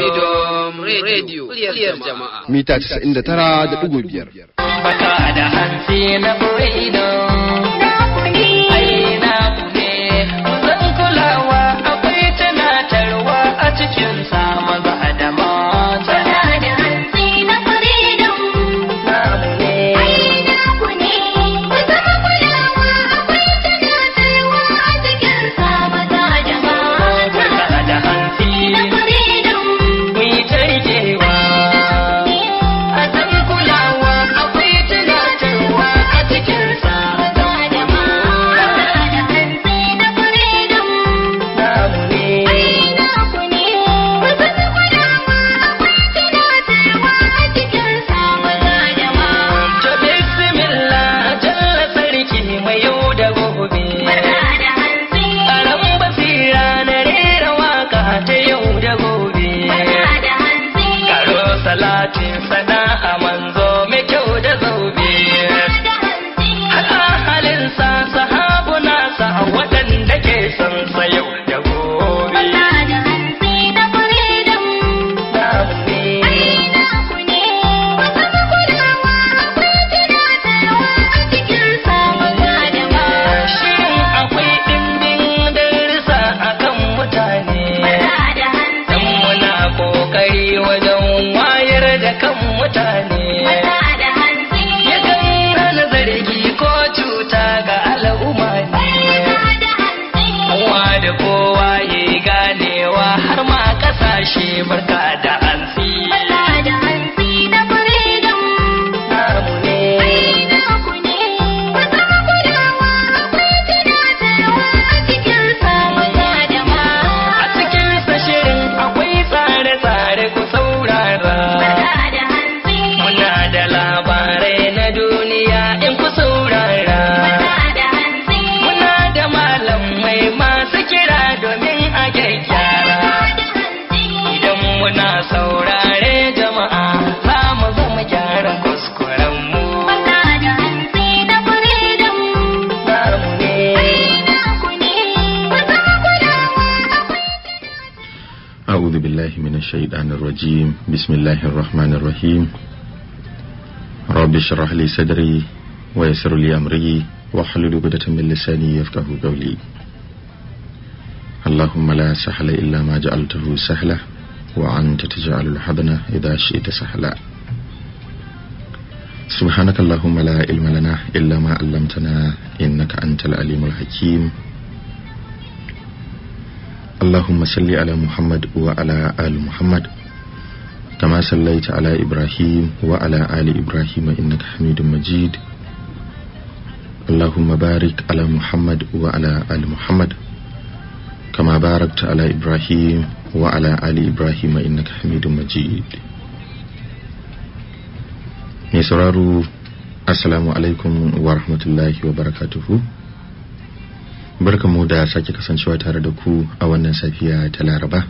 Freedom Radio Kuliyar jama'a mita 99.5 Baka da hansi na Freedom الرجيم بسم الله الرحمن الرحيم رب اشرح لي صدري ويسر لي أمري واحلل عقدة من لساني يفقه قولي اللهم لا سهل إلا ما جعلته سهلا وأنت تجعل الحزن إذا شئت سهلا سبحانك اللهم لا علم لنا إلا ما علمتنا إنك أنت العليم الحكيم اللهم صل على محمد وعلى آل محمد كما صليت على إبراهيم وعلى آل إبراهيم إنك حميد مجيد اللهم بارك على محمد وعلى آل محمد كما باركت على إبراهيم وعلى آل إبراهيم إنك حميد مجيد نسرار السلام عليكم ورحمة الله وبركاته barkanmu da sake kasancewa tare da ku a wannan safiya ta laraba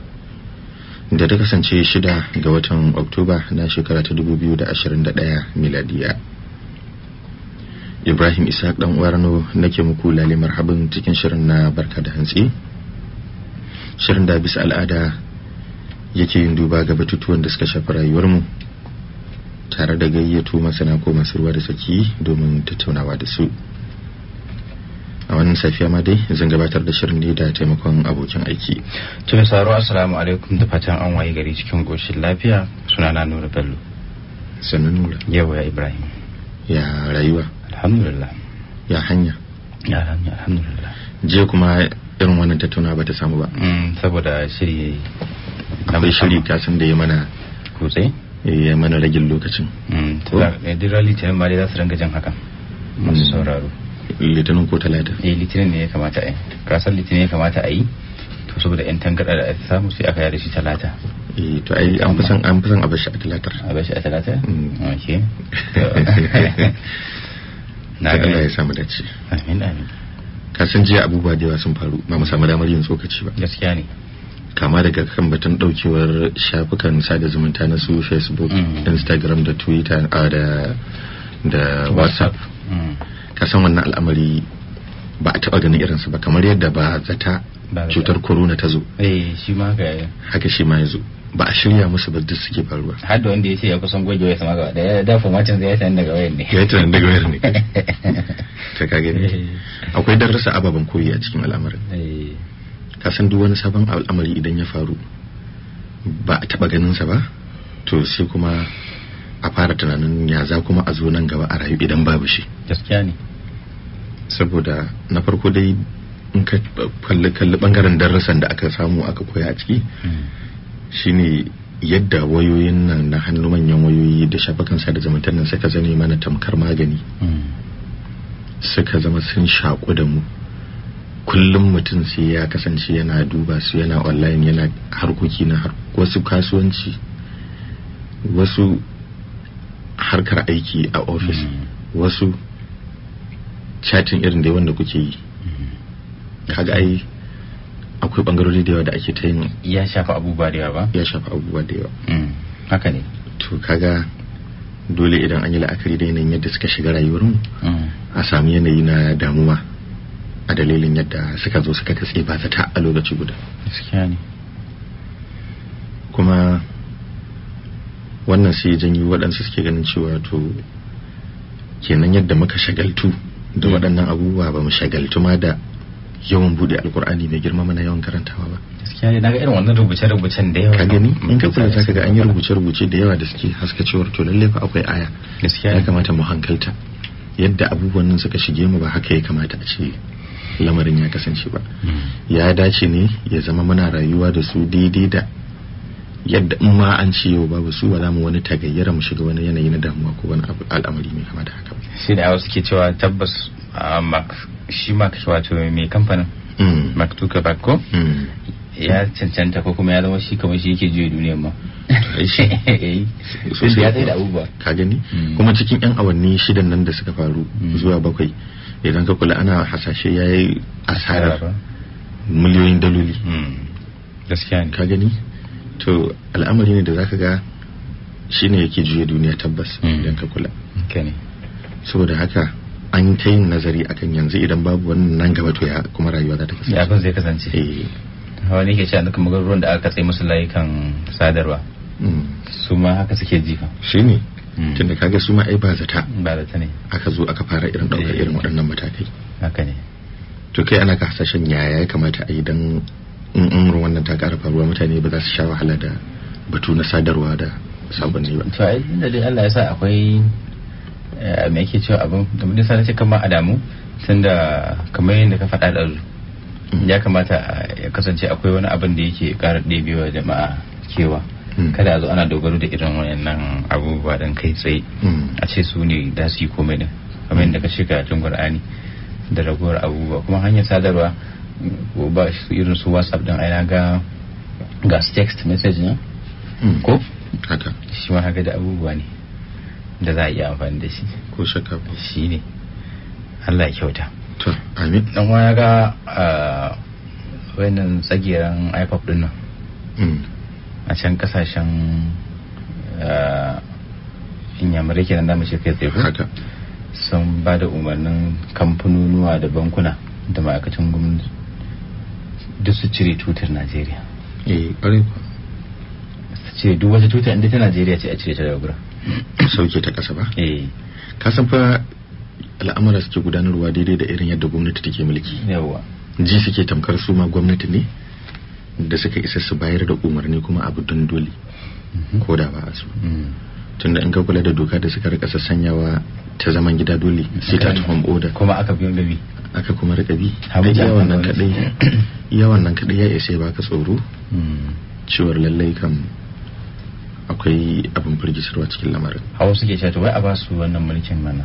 da ta kasance shida ga watan oktoba na shekara ta dubu biyu da ashirin 2021 miladiya ibrahim isaac dan warano ke muku lalimar marhabin cikin shirin na barka da hantsi shirin da bisa al'ada yake yin duba ga batutuwan da suka shafi rayuwarmu tare da gayyato masana ko masu ruwa da saki domin tattaunawa da su a wannan safiya ma dai zan gabatar da shirin da taimakon abokin aiki to mai saro assalamu alaikum da fatan an waye gari cikin goshin lafiya sunana nura bello sannan nura yawa ya ibrahim ya rayuwa alhamdulillah ya hanya ya hanya alhamdulillah je kuma irin wannan tattauna ba ta samu ba mm, saboda shiri akwai shiri kasan da ya mana kutse eh, ya mana ragin lokacin. Mm, eh, duk rali ta yamma dai za su ranga jan hakan masu mm. sauraro. litinin ko talata eh litinin ne ya kamata a yi kasar litinin ya kamata a yi to saboda yan tangarda da ta samu sai aka yada shi talata eh to ai an fi san an fi san a bashi a talatar a bashi a talata mm. oke na ga Allah ya samu dace amin amin ka san jiya abubuwa da yawa sun faru ba mu samu damar yin tsokaci ba gaskiya ne kama daga kan batun daukewar shafukan sada zumunta na su facebook mm. instagram da twitter ah, da da whatsapp mm. kasan wannan al'amari ba a taɓa ganin irinsa ba kamar yadda ba zata cutar corona ta zo eh shi ma haka haka shi ma ya zo ba a shirya musu ba duk suke faruwa har da wanda ya ce ya kusan goge wayar sama gaba daya da formatin zai tsaya daga wayar ne ya tsaya daga wayar ne ka gani. Eh. akwai darasa ababen koyi a cikin al'amarin eh. ka san duk wani sabon al'amari idan ya faru ba a taba ganin sa ba to sai kuma a fara tunanin ya za kuma a zo nan gaba a rayu idan babu shi gaskiya ne saboda na farko dai in ka kalli kalli bangaren darasan da aka samu aka koya a ciki hmm. shine yadda wayoyin nan na hannu manyan wayoyi da shafukan sada zumunta nan suka zame mana tamkar magani hmm. suka zama sun shaƙu da mu kullum mutum sai ya kasance yana duba su yana online yana harkoki na wasu kasuwanci wasu harkar aiki a ofis hmm. wasu chatin irin da wanda kuke yi kaga ai akwai bangarori da yawa da ake ta yin ya shafa abubuwa da yawa ba ya shafa abubuwa da yawa mm, haka ne to kaga dole idan an yi la'akari da yanayin yadda suka shiga rayuwar mu mm. a sami yanayi na damuwa a dalilin yadda suka zo suka katse ba ta a lokaci guda gaskiya ne kuma wannan sai janyi waɗansu suke ganin cewa to kenan yadda muka shagaltu da waɗannan abubuwa ba mu shagaltu ma da yawan buɗe alkur'ani mai girma mana yawan karantawa ba gaskiya ne ga irin wannan rubuce-rubucen da yawa ka gani in ka kula ta ga an yi rubuce-rubuce da yawa da suke haska cewar to lalle fa akwai aya gaskiya ya kamata mu hankalta yadda abubuwan nan suka shige mu ba haka ya kamata a ce lamarin ya kasance ba hmm. ya dace ne ya zama muna rayuwa da su daidai da yadda in ma an ce yau babu su ba za mu wani tagayyara mu shiga wani yanayi na damuwa ko wani al'amari mai kama da haka shi da wasu ke cewa tabbas shi ma kashe wato mai kamfanin hmm. mark zuckerberg ko hmm. ya cancanta ko kuma ya zama shi kamar shi yake juya duniya ma eh, eh, eh. sosai ya tsaye da abubuwa ka gani hmm. kuma cikin yan awanni shidan nan da suka faru zuwa bakwai idan ka kula ana hasashe ya yi asarar miliyoyin daloli gaskiya ne ka gani to al'amari ne da zaka ga shi ne yake juya duniya tabbas hmm. idan ka kula saboda haka an ta yin nazari akan yanzu idan babu wannan nan gaba to ya kuma rayuwa za ta kasance ya abin zai kasance eh wani ke cewa kuma magaruruwan da aka tsaye musu layukan sadarwa hmm. su ma haka suke jifa shine hmm. tunda kaga su ma ai ba zata ba zata ne aka zo aka fara irin daukar eh. irin waɗannan matakai haka ne to kai ana ka hasashen yaya ya kamata a yi don in umurin wannan ta ƙara faruwa mutane ba za su sha wahala da batu na sadarwa da sabonni ba to inda dai Allah ya sa akwai eh, me yake cewa abin da mun sanar ce kamar Adamu tunda kamar yadda ka faɗa da mm. ya kamata ya kasance akwai wani abin da yake ƙara ɗebewa jama'a kewa mm. kada a zo ana dogaro da irin wayannan abubuwa dan kai tsaye mm. a ce su ne da su yi komai din kamar yadda ka shiga cikin Qur'ani da ragowar abubuwa kuma hanyar sadarwa ko ba irin su whatsapp din aina ga ga text message na hmm. ko haka shi ma haka da abubuwa ne da za a iya amfani da shi ko shaka ba shi ne Allah ya kyauta to amin dan wani ga wannan tsagiran ipop din nan hmm. a can kasashen uh, inyamurai kenan da mu shirka kai tsaye haka sun ba da umarnin kamfanonuwa da bankuna da ma'aikacin gwamnati duk su cire tutar najeriya eh ƙwarai su cire duk wata tuta inda ta najeriya ce a cire ta daga gura. sauke ta ƙasa ba eh ka san fa al'amura suke gudanarwa daidai da irin yadda gwamnati take mulki yawa ji suke tamkar su ma gwamnati ne da suka isa su bayar da umarni kuma abu don dole mhm. ko da ba a so mm. tunda in ka kula da doka da suka rika sassanyawa ta zaman gida dole sai ta tuhum oda kuma aka biyo da bi aka kuma rika bi yawan nan kadai yawan nan kadai ya isa baka tsoro hmm. ciwar lallai kan akwai abin firgisarwa cikin lamarin hawa suke cewa wai a ba su wannan mulkin mana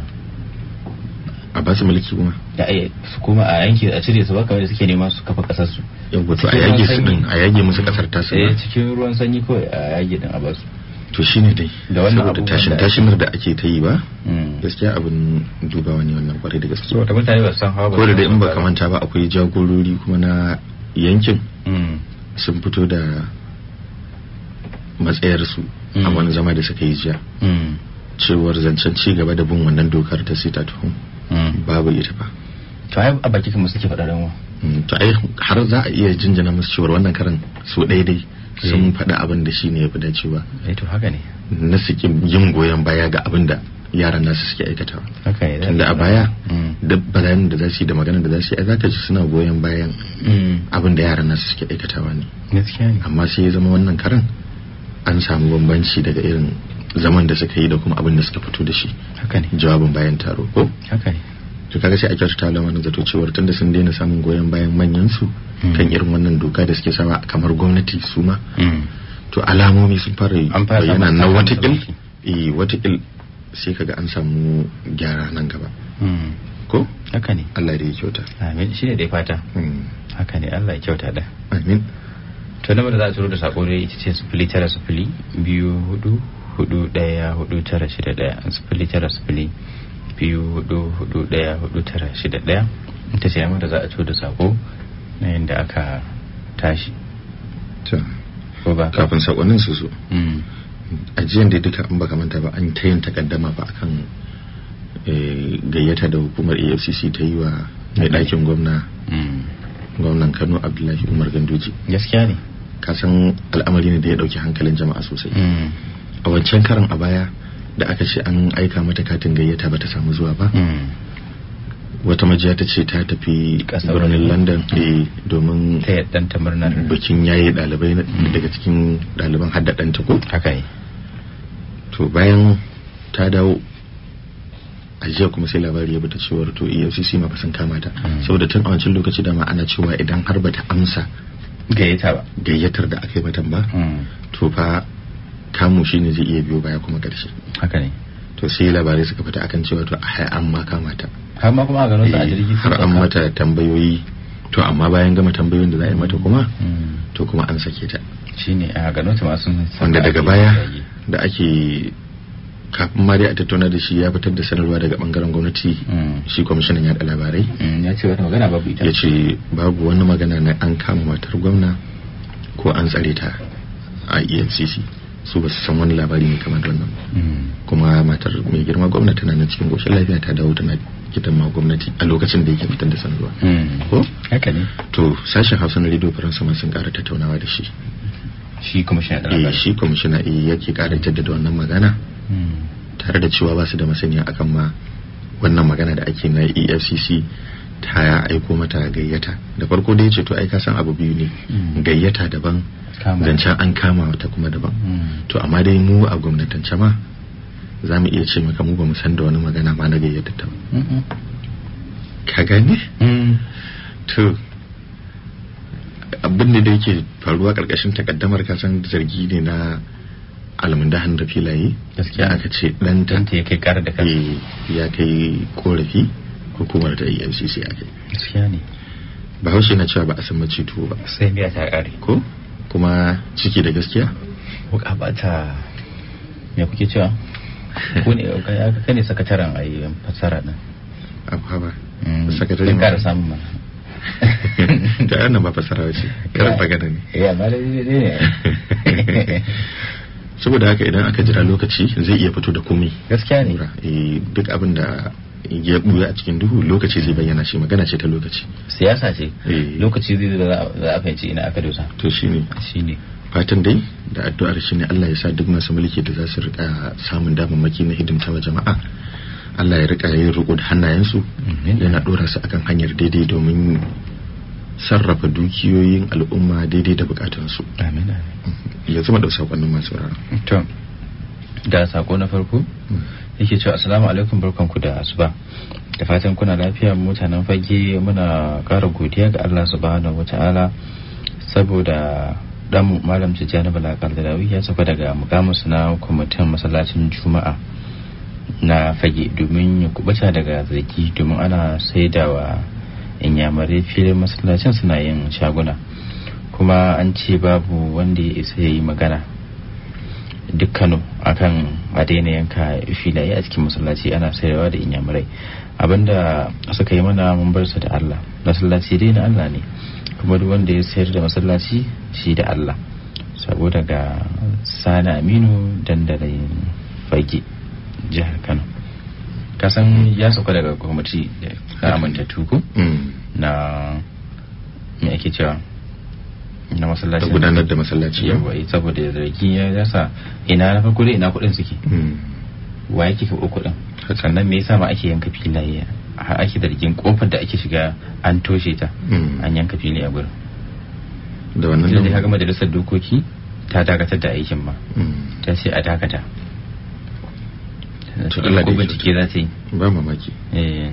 a ba su mulki kuma da ai su kuma a yanke a cire su ba kamar da suke nema su kafa kasar su yau to a yage su din a yage musu kasar ta su eh, cikin ruwan sanyi kawai a yage din a ba su to shi ne dai da wannan abu tashin tashinar da ake ta yi ba hmm. gaskiya abin dubawa ne wannan kwarai da gaske saboda mutane ba san hawa ba ko da dai in ba kamanta ba akwai jagorori kuma na yankin hmm. sun fito da matsayarsu a hmm. wani zama da suka yi jiya cewar zancen ci gaba da bin wannan dokar ta sita tuhum babu ita ba to ai a baki kuma suke faɗa ranwa to ai har za a iya jinjina musu cewar wannan karan su ɗaya dai sun eh. faɗi abin da shi ne ya fi dacewa eh, to haka ne na suke yin goyon baya ga abin da yaran nasu suke aikata tunda a baya mm. da bayan da za su yi da magana da za su yi ji suna goyon bayan mm. abin da yaran nasu suke aikatawa ne amma sai ya zama wannan karan an samu bambanci daga irin zaman da suka yi da kuma abin da suka fito da shi jawabin bayan taro ko to kaga sai a kyautata da wani zato cewar tunda sun daina samun goyon bayan manyan su mm. kan irin wannan doka da suke sama kamar gwamnati su ma mm. to alamomi sun fara Yana na watakil eh watakil sai kaga an samu gyara nan gaba mm. ko haka ne Allah da ya kyauta amin shi ne fata haka ne Allah ya kyauta da amin to nan da za a turo da sako ne ita ce sufuli tara sufuli biyu hudu hudu daya hudu tara shida daya sufuli tara sufuli biyu hudu hudu shida daya ita ce da za a da sako na yadda aka tashi kafin sakonin su su. Mm. ajiyan da duka an baka manta ba an ta yin takaddama ba akan eh, gayyata da hukumar afcc ta yi wa mai mm. ɗakin gwamna mm. gwamnan kano abdullahi umar Ganduji. gaskiya ne kasan al'amari ne da ya ɗauki hankalin jama'a sosai a wancan karan a baya da aka ce an aika mata katin gayyata ba ta samu zuwa ba hmm. wata majiya ta ce ta tafi birnin london eh, domin ta murnar bikin yayi dalibai hmm. daga cikin daliban hadda ɗanta ko to bayan ta dawo a jiya kuma sai labari ya bata cewar to efcc ma ba san kama ta hmm. saboda tun a wancan lokaci dama ana cewa idan har bata amsa gayyata ba gayyatar da aka yi mata ba to fa kamu shi ne zai iya biyo baya kuma karshe haka ne to sai labarai suka fita akan cewa to a an ma kamata har ma kuma a ganin ta a eh, jirgi har an mata tambayoyi to amma bayan gama tambayoyin da za a yi mata kuma hmm. to kuma an sake ta ne a ganin ta masu wanda daga baya da ake kafin ma dai a tattauna da shi ya fitar da sanarwa daga bangaren gwamnati hmm. shi kwamishinan yaɗa labarai hmm, ya ce wata magana babu ita ya ce babu wani magana na an kama matar gwamna ko an tsare ta a efcc su ba su san wani labari ne kamar wannan hmm. kuma matar mai girma gwamnati tana nan cikin goshin lafiya ta dawo tana gidan ma gwamnati a lokacin da yake fitar da sanarwa hmm. ko haka ne to sashen hausa na radio faransa ma sun kara tattaunawa da shi shi kwamishina da eh, shi kwamishina iya eh, yake kara jaddada wannan magana hmm. tare da cewa ba su da masaniya akan ma wannan magana da ake na efcc ta aiko mata gayyata da farko da ya ce to ai ka san abu biyu ne gayyata daban zancen an kama wata kuma daban hmm. to amma dai mu a gwamnatin ma za mu iya ce maka mu ba mu san da wani magana ma na gayyata ta ba. ka gane hmm. to abin da yake faruwa karkashin takaddamar kasan zargi ne na almundahan da filaye gaskiya aka ce dan ta ya kai kara da kasa. Eh, ya kai korafi hukumar ta ncc ya kai gaskiya ne haushi na cewa ba a san maci tuwo ba sai biya ta kare ko kuma ciki da gaskiya kuka bata me kuke cewa ku ne ka ne sakataren a yi fasara din abhaba mm, sakatare ma kara samun ma. da ana ba fasara ce karin bagada eh, ne ya ba da ne saboda haka idan aka jira lokaci zai iya fito da komai gaskiya ne eh, duk abin da ya buya a cikin duhu lokaci zai bayyana shi magana ce ta lokaci siyasa ce eh. lokaci zai za a fahimci ina aka dosa to shine ne fatan dai da addu'ar shi ne Allah ya sa duk masu mulki da za su rika samun damammaki na hidimta wa jama'a Allah ya rika yin riko da hannayensu yana dora su akan hanyar daidai domin sarrafa dukiyoyin al'umma daidai da bukatunsu amin yanzu zama da sakonnin masu rara to da sako na farko hmm. yake cewa assalamu alaikum barkanku da asuba da fatan kuna lafiya mutanen fage muna ƙara godiya ga Allah subhanahu wata'ala saboda dan malam Tijjani da Kardarawi ya saka daga mukamin na kwamitin masallacin Juma'a na fage domin ya kubuta daga zaki domin ana saidawa inyamare filin masallacin suna yin shaguna kuma an ce babu wanda ya isa ya yi magana duk kano akan a daina yanka filaye a cikin masallaci ana sayarwa da inyamurai abinda suka yi mana mun bar su da allah masallaci dai na allah ne kuma duk wanda ya sayar da masallaci shi da allah saboda ga sani aminu dandalin fage jihar kano Ka san ya sauka daga gwamnati da amintattu mm. na me ake cewa na masallaci da gudanar da masallaci yawa eh, saboda ya zargi ya yasa ina na farko ina kuɗin suke hmm. wa yake karɓo kuɗin sannan me yasa ma ake yanka filaye har ake zargin kofar da ake shiga an toshe ta hmm. an yanka fili a gurin da wannan da ya ga majalisar dokoki ta dakatar da aikin ma hmm. ta ce a dakata to Allah da bincike za ta yi ba mamaki eh.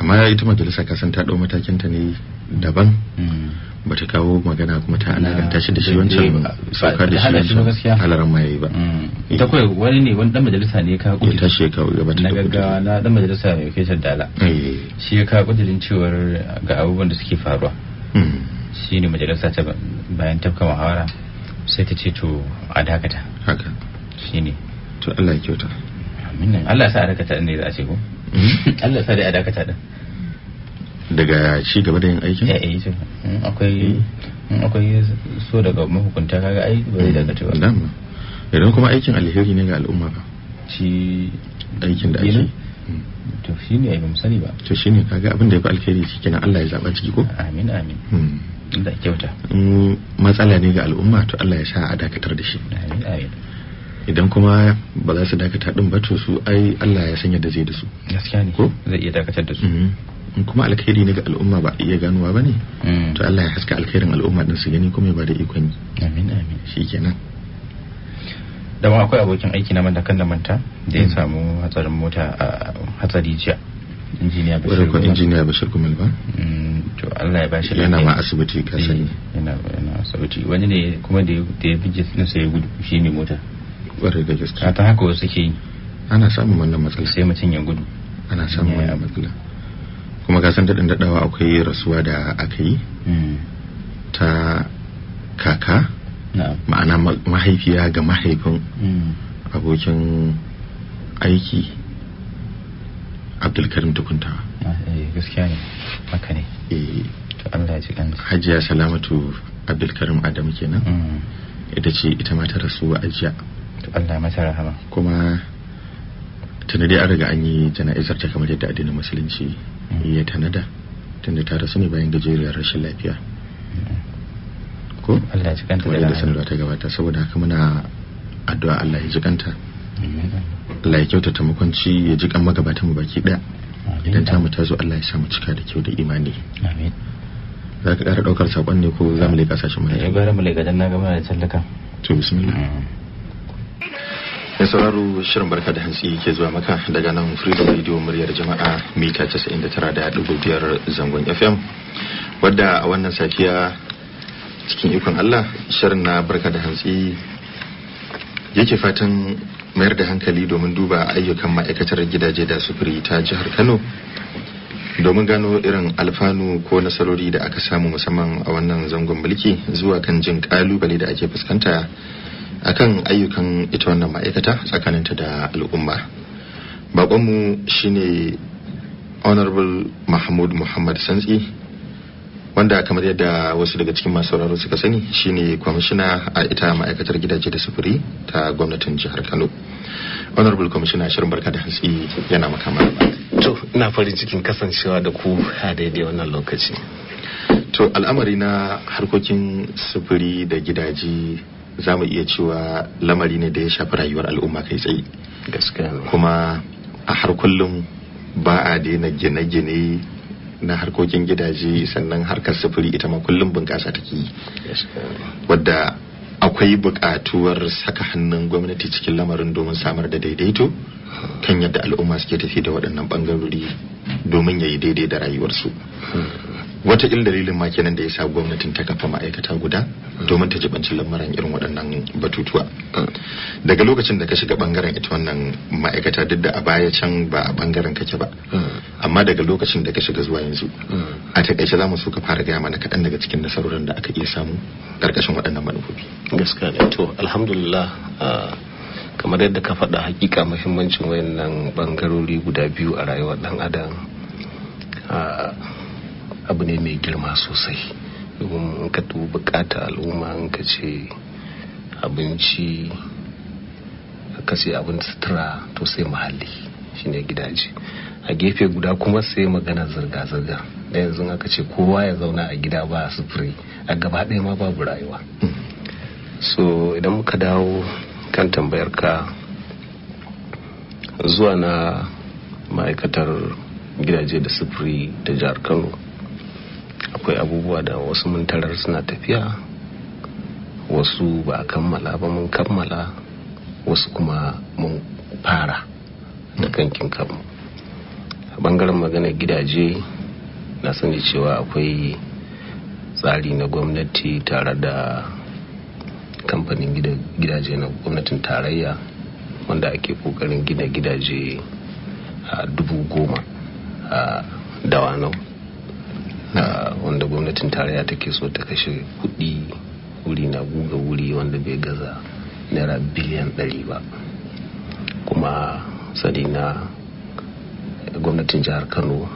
amma ita majalisa kasan ta dau matakin ta ne daban bata kawo magana kuma ta ta shi da shi wancan sauka da shi wancan halaran ma yayi ba mm. ta kawai wani ne wani dan majalisa ne ka kudi ta shi kawo gaba ta gaggawa na dan majalisa mai fesar dala eh. shi ya kawo kudurin cewar ga abubuwan da suke faruwa hmm. shi ne majalisa ta bayan tafka muhawara sai ta ce to a dakata haka shi ne to Allah ya kyauta Allah ya sa a dakata ne za a ce ko hmm? Allah ya sa dai a dakata din daga shi gaba da yin aikin? ya eh, eh, yi akwai so daga mahukunta kaga aiki. bai daga cewa ba dama idan kuma aikin alheri ne ga al'umma ba ci aikin da ake hmm. to shi ne ai ba sani ba to shi ne kaga abin da ya fi alheri shi kenan Allah ya zaɓa ciki ko amin amin da hmm. kyauta matsala ne ga al'umma to Allah ya sa a dakatar da shi amin amin idan kuma ba za su dakata din ba to su ai Allah ya sanya da zai da su gaskiya ne ko zai iya dakatar da su hmm. in kuma alkhairi ne ga al'umma ba iya ganuwa ba ne mm. to Allah ya haska alkhairin al'umma din su gani kuma ya bada ikon yi amin amin kenan da ma akwai abokin aiki na manta kan da manta da ya mm. samu hatsarin mota a hatsari jiya injiniya bashir kuma injiniya bashir kuma ba mm, to Allah ya bashi yana ma asibiti ka sani eh, yana yana asibiti wani ne kuma da ya sun sai ya gudu shi ne mota kwarai da gaskiya ta haka wasu ke yi ana samun wannan matsala sai mutum ya gudu ana samun wannan matsala kuma ga san daɗin daɗawa akwai rasuwa da aka yi hmm. ta kaka ma'ana mahaifiya ga mahaifin hmm. abokin aiki abdulkarim tukunta. Ah, eh, gaskiya ne maka ne eh. to Allah ji kan hajiya salamatu abdulkarim adam kenan hmm. ita ce ita ma ta rasu a jiya to Allah mata rahama kuma tunade dai an riga an yi jana'izar ta kamar yadda addinin musulunci Eh, ya tanada tunda ta rasu ne bayan gajeriyar rashin lafiya ko Allah ya jikanta da sanarwa ta gabata saboda haka muna addu'a Allah ya jikanta Allah ya kyautata mukunci ya jikan magabatan mu baki daya idan ta mu tazo Allah ya sa mu cika da kyau da imani amin za ka kara daukar sakon ne ko za mu leƙa sashen mu ya eh, bara mu leƙa dan na gama da tallaka to bismillah mm. mai sauraro shirin barka da hantsi ke zuwa maka daga nan freedom radio muryar jama'a mita 99.5 zangon fm wadda a wannan safiya cikin ikon allah shirin na barka da hantsi yake fatan mayar da hankali domin duba ayyukan ma'aikatar gidaje da sufuri ta jihar kano domin gano irin alfanu ko nasarori da aka samu musamman a wannan zangon mulki zuwa kan jin kalubale da ake fuskanta akan ayyukan ita wannan ma'aikata tsakaninta da al'umma bakonmu shine honorable mahmud muhammad santsi wanda kamar yadda wasu daga cikin masu sauraro suka sani shine kwamishina a ita ma'aikatar gidaje da sufuri ta gwamnatin jihar kano honorable kwamishina shirin barka da hantsi yana makama to ina farin cikin kasancewa da ku a daidai wannan lokaci to al'amari na harkokin sufuri da gidaje za mu iya cewa lamari ne da ya shafi rayuwar al'umma kai tsaye kuma a har kullum ba a daina gine-gine na harkokin gidaje sannan harkar sufuri ita ma kullum bunƙasa take yi wadda akwai buƙatuwar saka hannun gwamnati cikin lamarin domin samar da daidaito kan yadda al'umma suke tafi da waɗannan ɓangarori domin ya yi daidai da rayuwarsu hmm. wata wataƙil dalilin ma kenan da ya sa gwamnatin ta kafa ma'aikata guda domin ta jibanci lamarin irin waɗannan batutuwa daga lokacin da ka shiga bangaren ita wannan ma'aikata duk da a baya can ba a bangaren kake ba amma daga lokacin da ka shiga zuwa yanzu a takaice za mu so ka fara gaya mana kaɗan daga cikin nasarorin da aka iya samu ƙarƙashin waɗannan manufofi gaskiya ne to alhamdulillah kamar yadda ka faɗa hakika muhimmancin wayannan bangarori guda biyu a rayuwar ɗan adam abu ne mai girma sosai domin in ka bukata al'umma in ka ce abinci ka ce abin sutura to sai muhalli shine gidaje a gefe guda kuma sai magana zirga-zirga da yanzu aka ce kowa ya zauna a gida ba a sufuri a gaba ɗaya ma babu rayuwa so idan muka dawo kan tambayar ka zuwa na ma'aikatar gidaje da sufuri da jihar kano akwai abubuwa da wasu mun tarar suna tafiya wasu ba kammala ba mun kammala wasu kuma mun fara da kankin kanmu a bangaren magana gidaje na sani cewa akwai tsari na gwamnati tare da kamfanin gidaje na gwamnatin tarayya wanda ake kokarin gina gidaje a dubu goma a dawanau Na wanda gwamnatin tarayya take so ta kashe kudi wuri na guga wuri wanda bai gaza naira biliyan ɗari ba kuma sani na gwamnatin jihar kano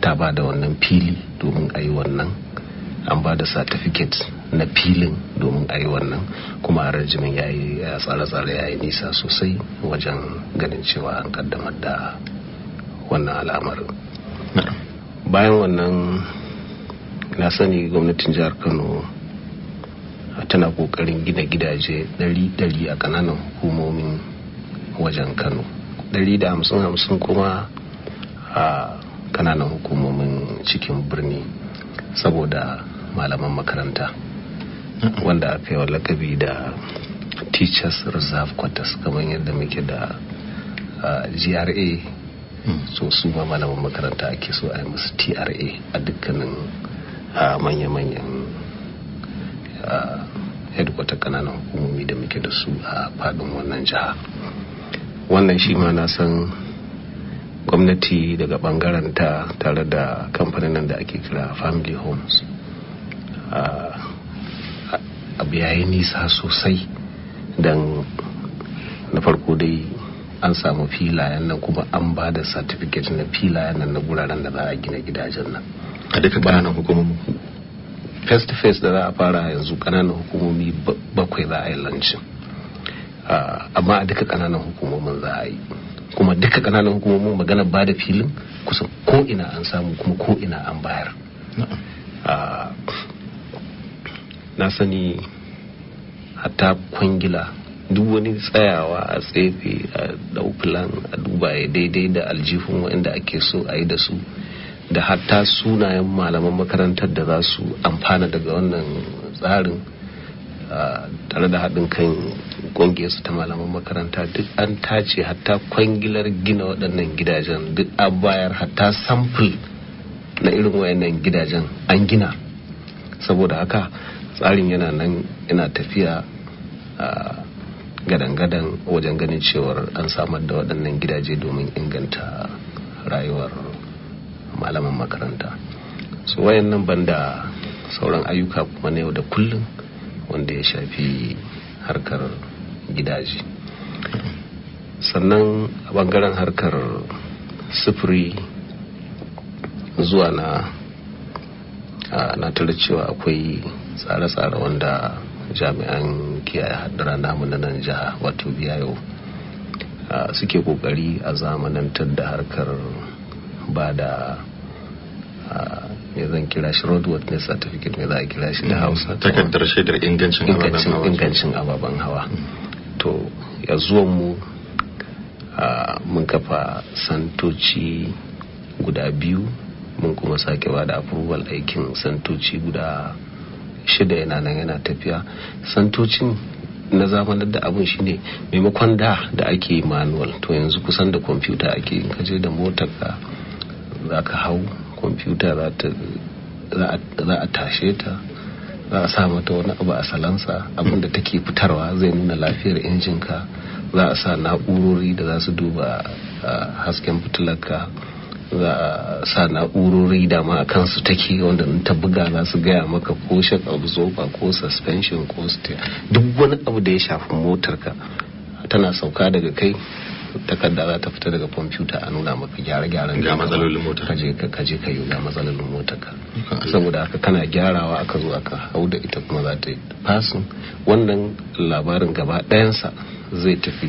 ta ba da wannan fili domin a yi wannan an ba da certificate na filin domin a yi wannan kuma rajimin ya yi tsare-tsare ya yi nisa sosai wajen ganin cewa an kaddamar da wannan al'amarin bayan wannan na sani gwamnatin jihar kano tana kokarin gina gidaje dari dari a kananan hukumomin wajen kano dari da hamsin hamsin kuma a kananan hukumomin cikin birni saboda malaman makaranta wanda aka yi wa lakabi da teachers reserve quarters kamar yadda muke da gra so su ma malaman makaranta ake so a yi musu tra a dukkanin manya-manyan headquarter kananan hukumomi da muke da su a fadin wannan jiha wannan shi ma na san gwamnati daga bangaren ta tare da kamfanin da ake kira family homes abu yayi nisa sosai don na farko dai an samu filayen nan kuma an ba da certificate na filayen nan na guraren da za a gina gidajen nan a duka ƙananan hukumomi First face da za a fara yanzu kananan hukumomi bakwai za a yi lancin ah, amma a duka ƙananan hukumomin za a yi kuma duka kananan hukumomin magana ba da filin kusan ko ina an samu kuma ko ina an bayar ah, na sani hatta kwangila duk wani tsayawa a tsefe a daukulan a duba ya daidai da aljihun wanda ake so a yi da su da hatta sunayen malaman makarantar da za su amfana daga wannan tsarin tare da haɗin kan ƙungiyarsu ta malaman makaranta duk an tace hatta kwangilar gina waɗannan gidajen duk an bayar hatta samfil na irin wayannan gidajen an gina saboda haka tsarin yana nan yana tafiya gadan-gadan wajen ganin cewar an samar da waɗannan gidaje domin inganta rayuwar malaman makaranta su wayan nan banda sauran ayyuka kuma na yau da kullum wanda ya shafi harkar gidaje sannan a bangaren harkar sufuri zuwa na na cewa akwai tsare-tsare wanda jami'an kiyaye haddara namu na nan jiha wato biyayo suke kokari a zamanantar da harkar ba da me zan kira shi roadwork ne certificate me za a kira shi da mm, hausa takardar shaidar ingancin ingancin ababen hawa mm. to ya zuwan mu mun kafa santoci guda biyu mun kuma sake ba da approval aikin santoci guda shida yana nan yana tafiya santocin na zamanar da abun shine maimakon da da ake manual to yanzu kusan da kwamfuta ake in kaje da motar ka za ka hau kwamfuta za a tashe ta za a sa mata wani abu a salansa abin da take fitarwa zai nuna lafiyar injinka za a sa na'urori da za su duba ah, hasken fitilarka za a sa na'urori da ma a kansu take wanda in ta buga za su gaya maka ko abu zoba ko suspension ko steer duk wani abu da ya shafi motarka tana sauka daga kai takarda za ta fita daga kwamfuta a nuna maka gyare-gyaren ga matsalolin motar ka je ka je ka yi ga matsalolin motar ka saboda haka kana gyarawa aka zo aka hau da ita kuma za ta yi fasin wannan labarin gaba ɗayansa zai tafi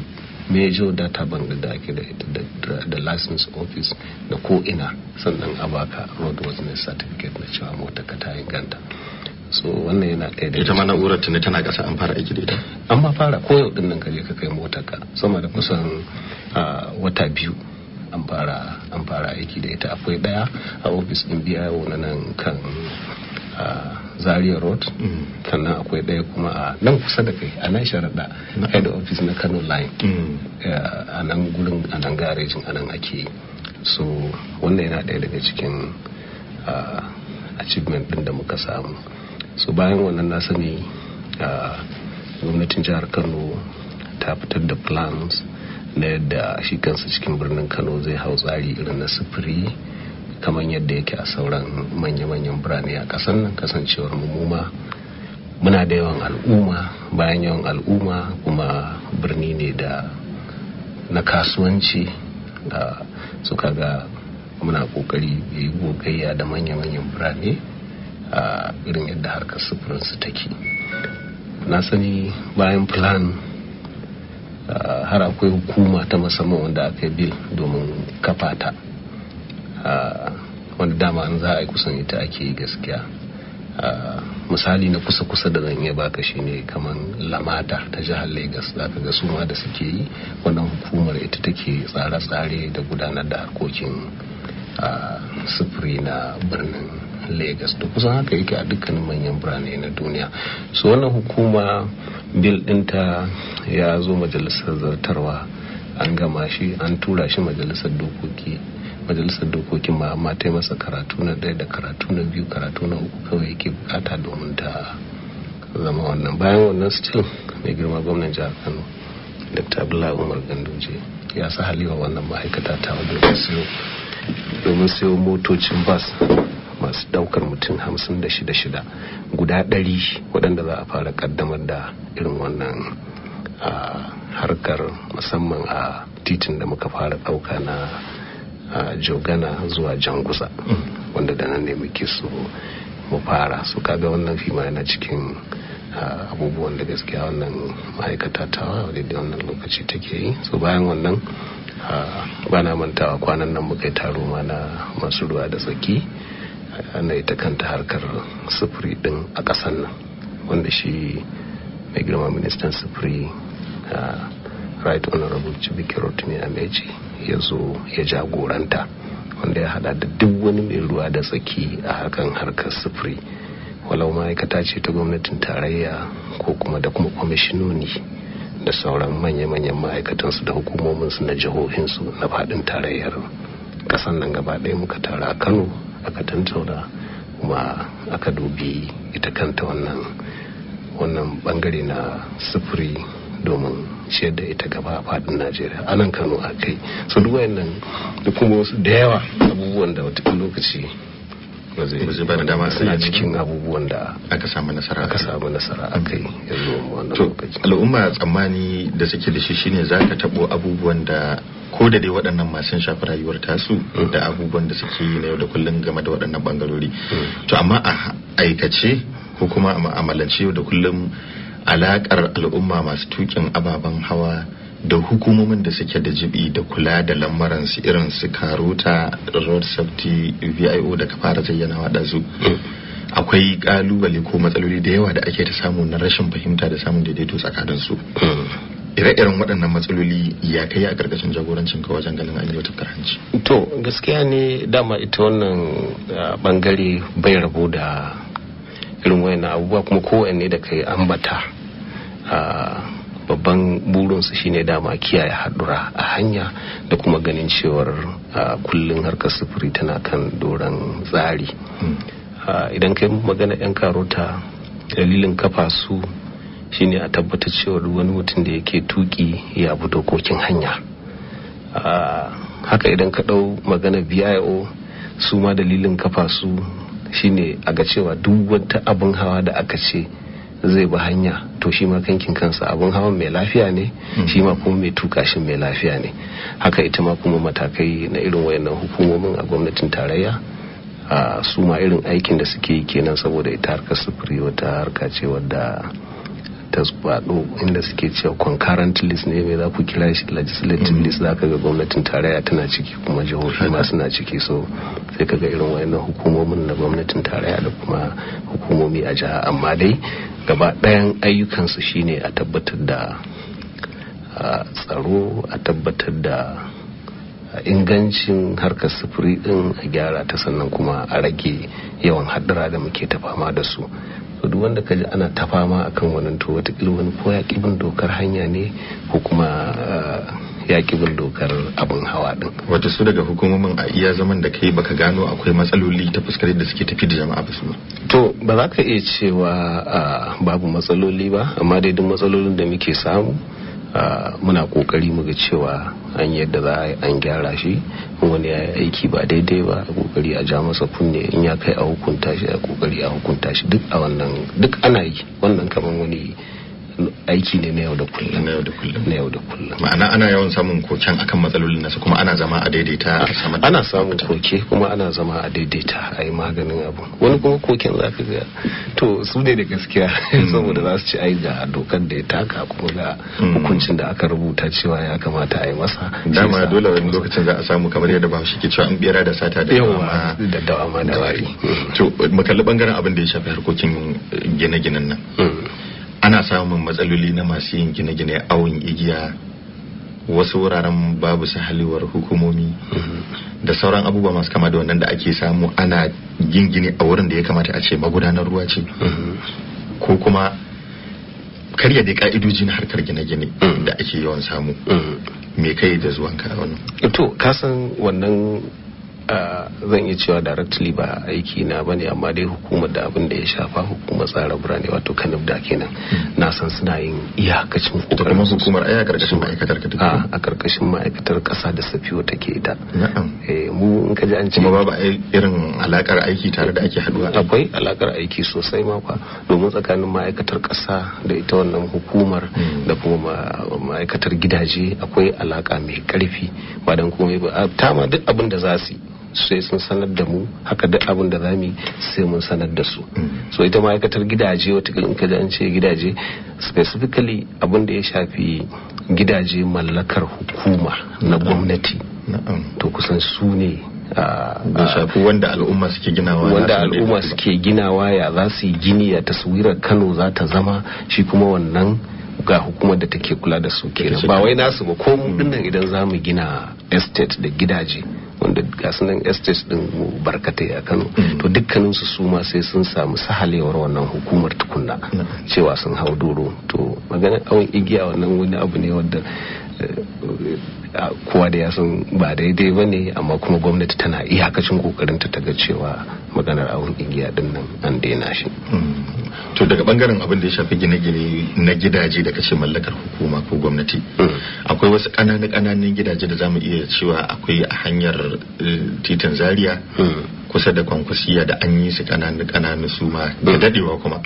major data bank da ake da da license office da ko ina sannan a baka roadworthiness certificate na cewa mota ka ta inganta so wannan yana ɗaya da ita ma na'urar tuni tana ƙasa an fara aiki da ita an ma fara ko yau din ka je ka kai motar ka sama da kusan wata biyu an fara an fara aiki da ita akwai ɗaya a ofis din biya na nan kan a zaria road mm. sannan akwai ɗaya kuma a nan kusa da kai a nan sharaɗa head office na kano line mm. a nan gurin a nan garejin a nan ake so wannan yana ɗaya daga cikin achievement ɗin da muka samu so bayan wannan na sani gwamnatin jihar kano ta fitar da plans na yadda shi kansa cikin birnin kano zai hau tsari irin na sufuri kamar yadda yake a sauran manya-manyan birane a kasar nan kasancewar muma muna da yawan al'umma bayan yawan al'umma kuma birni ne da na kasuwanci da suka ga muna kokari yi gogayya da manya-manyan birane a irin yadda harkar su take na sani bayan plan har akwai hukuma ta musamman wanda aka bil domin kafa ta Ah, wanda dama an za a yi kusan ita ake yi gaskiya ah, misali na kusa-kusa da zan iya baka shi ne kamar lamata ta jihar lagos za ka ga su ma da suke yi wannan hukumar ita take tsare-tsare da gudanar da harkokin ah, sufuri na birnin lagos da kusan haka yake a dukkanin manyan birane na duniya su wannan hukuma bil dinta ya zo majalisar zartarwa an gama shi an tura shi majalisar dokoki majalisar dokokin ma amma ta masa karatu na ɗaya da karatu na biyu karatu na uku kawai yake bukata domin ta zama wannan bayan wannan still mai girma gwamnan jihar kano dr abdullahi umar gandoje ya sa halewa wannan ma'aikata ta wajen siyo domin siyo motocin bas masu daukar mutum hamsin da shida shida guda ɗari waɗanda za a fara kaddamar da irin wannan ah, harkar musamman a titin da muka fara ɗauka na a jogana zuwa Jangusa. wanda da nan ne muke so mu fara su kaga wannan fima yana cikin abubuwan da gaskiya wannan ma'aikata tawa da wannan lokaci take yi su bayan wannan ba na mantawa kwanan nan muka yi taro ma na masu ruwa da tsaki ta ita kanta harkar sufuri din a ƙasan nan wanda shi mai girma ministan sufuri right honorable chibike rotimi ya zo ya jagoranta wanda ya hada da duk wani mai ruwa da tsaki a hakan harkar sufuri walau ma'aikata ce ta gwamnatin tarayya ko kuma da kuma kwamishinoni da sauran manya-manyan ma'aikatansu da hukumominsu na jihohinsu na fadin tarayyar kasan nan gaba ɗaya muka tara a kano aka tantauna kuma aka dubi ita kanta wannan wannan bangare na sufuri domin ciyar da ita gaba a fadin najeriya a nan kano a kai so duk wayannan da kuma wasu da yawa abubuwan da wata lokaci ba zai suna cikin abubuwan da aka samu nasara aka samu yanzu wannan lokaci al'umma tsammani da suke da shi shine zaka tabo abubuwan da ko da dai waɗannan masu shafi rayuwar tasu mm. da abubuwan da suke yi na yau da kullum game da waɗannan bangarori mm. to amma a aikace ko kuma a ma'amalance yau da kullum alakar al'umma masu tukin ababen hawa da hukumomin da suke da jibi da kula da lamarin su irin su karuta road safety vio da ka fara zayyana waɗa su akwai kalubale ko matsaloli da yawa da ake ta samu na rashin fahimta da samun daidaito tsakanin su ire-iren waɗannan matsaloli ya kai a ƙarƙashin jagorancin ka wajen ganin an yi wata karanci to gaskiya ne dama ita wannan bangare ah, bai rabo da irin wayannan abubuwa kuma kowanne da kai ambata a babban burinsu shine dama kiyaye haɗura a hanya da kuma ganin cewar kullum harkar sufuri tana kan doron tsari hmm. idan kai magana 'yan karota dalilin kafa su shine a tabbatar cewar wani mutum da yake tuki ya bi dokokin hanya haka idan ka ɗau magana biyayo su ma dalilin kafa su shine a ga cewa duk wata abin hawa da aka ce zai bi hanya to shi ma kankin kansa abun hawa mai lafiya ne hmm. shi ma kuma mai tuka shi mai lafiya ne haka ita ma kuma matakai na irin wayannan hukumomin a gwamnatin tarayya a su ma irin aikin da suke yi kenan saboda ita harkar sufuri wata harka ce wadda tas baɗo inda suke cewa concurrent list ne mai za ku kira shi legislative list za ka ga gwamnatin tarayya tana ciki kuma jihohi ma suna ciki so sai ka ga irin wayannan hukumomin na gwamnatin tarayya da kuma hukumomi a jiha amma dai gaba ɗayan ayyukansu shine a tabbatar da tsaro a tabbatar da ingancin harkar sufuri din a gyara ta sannan kuma a rage yawan haddara da muke ta fama da su duk wanda ka ji ana ta fama akan wannan to watakila wani ko ya bin dokar hanya ne ko kuma eh, ya bin dokar abin hawa ɗin. wata su daga hukumomin a iya zaman da kai baka gano akwai matsaloli ta fuskar da suke tafi da jama'a ba su to ba za ka iya cewa eh, babu matsaloli ba amma dai duk matsalolin da muke samu muna kokari muga cewa an yadda za a an gyara shi wani ya aiki ba daidai ba a kokari a ja masa kunne in ya kai a hukunta shi a kokari a hukunta shi duk a wannan duk ana yi wannan kamar wani aiki ne na yau da kullum na yau da kullum ma'ana ana yawan samun koken akan matsalolin nasu kuma ana zama a daidaita ana samun koke kuma ana zama a daidaita a yi maganin abu wani kuma koken za ka ga to su ne da gaskiya hmm. saboda za su ci ai ga dokar da ya taka kuma ga hmm. hukuncin da aka rubuta cewa ya kamata a yi masa dama dole wani lokacin za a samu kamar yadda ba shi ke cewa an bera da sata da yawa da ma da wari to mu kalli bangaren abin da ya shafi harkokin gine-ginen nan hmm. ana samun matsaloli na masu yin gine-gine awon igiya wasu wuraren babu su sahaliwar hukumomi mm-hmm. da sauran abubuwa masu kama da wannan da ake samu ana yin gini a wurin da ya kamata a ce magudanar ruwa ce mm-hmm. ko kuma karya da ka'idoji na harkar gine-gine mm-hmm. da ake yawan samu me kai da zuwan ka wannan to kasan wannan zan iya cewa directly ba aiki na bane amma dai hukumar da abin da ya shafa hukumar tsara birane wato kanabda kenan hmm. na san suna yin iyakacin kokarin kuma hukumar aya karkashin ma'aikatar ka take a karkashin ma'aikatar kasa da safiyo take ita eh mu in ka ji an ce kuma babu irin alakar aiki tare da ake haduwa akwai alakar aiki sosai ma fa domin tsakanin ma'aikatar kasa da ita wannan hukumar hmm. da kuma ma'aikatar gidaje akwai alaka mai karfi ba dan komai ba ta ma duk abin da za su yi sai sun sanar da mu haka da abin da zamu sai mun sanar da su so ita ma'aikatar gidaje wata in ka an ce gidaje specifically abin da ya shafi gidaje mallakar hukuma na gwamnati to kusan su ne ah, shafi wanda al'umma suke ginawa wanda al'umma suke ginawa ya za su yi gini ya taswirar kano za ta zama shi kuma wannan ga hukumar da take kula da su kenan ba wai nasu ba ko mu mm. dinnan idan zamu gina estate da gidaje wanda gasu nan estes din mu barkatai a kano mm. to dukkanin su suma sai sun samu sahalewar wannan hukumar tukunna mm. cewa sun hau doro to maganar awon igiya wannan wani abu ne wanda kowa da ya ba daidai ba ne amma kuma gwamnati tana iyakacin kokarin ta ga cewa maganar awon igiya din nan an daina shi to daga bangaren abin da ya shafi gine-gine na gidaje da kace mallakar hukuma ko gwamnati akwai wasu ƙananan kananan gidaje da zamu iya cewa akwai a hanyar eh, titin zaria kusa da kwankwasiya da an yi su ƙananan ƙananan su ma da dadewa kuma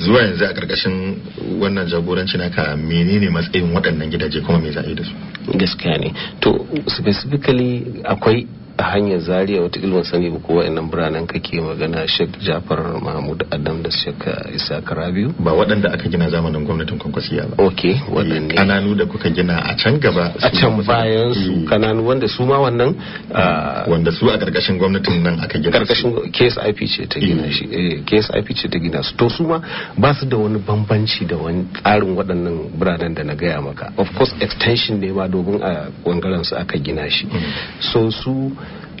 zuwa yanzu a karkashin wannan jagoranci na naka menene matsayin waɗannan gidaje kuma me za a yi da su gaskiya ne to specifically akwai a hanyar zaria wata ilmin sani ba kowa inan biranen kake magana shek jafar mahmud adam da shek isa karabiyu ba waɗanda aka gina zamanin gwamnatin kwankwasiya ba ok waɗanne kananu eh, da kuka gina a can gaba a can bayan su kananu eh. wanda su ma wannan ah, wanda su a ƙarƙashin gwamnatin nan aka gina ƙarƙashin ksip ce ta gina eh. shi ksip ce ta gina su to su ma ba su da wani bambanci da wani tsarin waɗannan biranen da na gaya maka of course extension ne ma domin a bangaren su aka gina shi mm. so su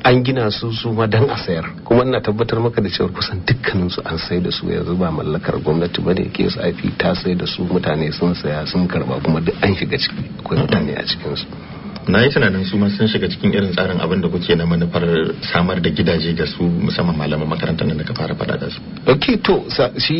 an gina su su ma dan a sayar kuma ina tabbatar maka da cewar kusan dukkanin su an sai da su yanzu ba mallakar gwamnati ba ne KSIP ta sai da su mutane sun saya sun karba kuma duk an shiga ciki akwai mutane a cikin su na yi tunanin su ma sun shiga cikin irin tsarin abin da kuke na manufar samar da gidaje ga su musamman malaman makarantar da ka fara faɗa da su ok to shi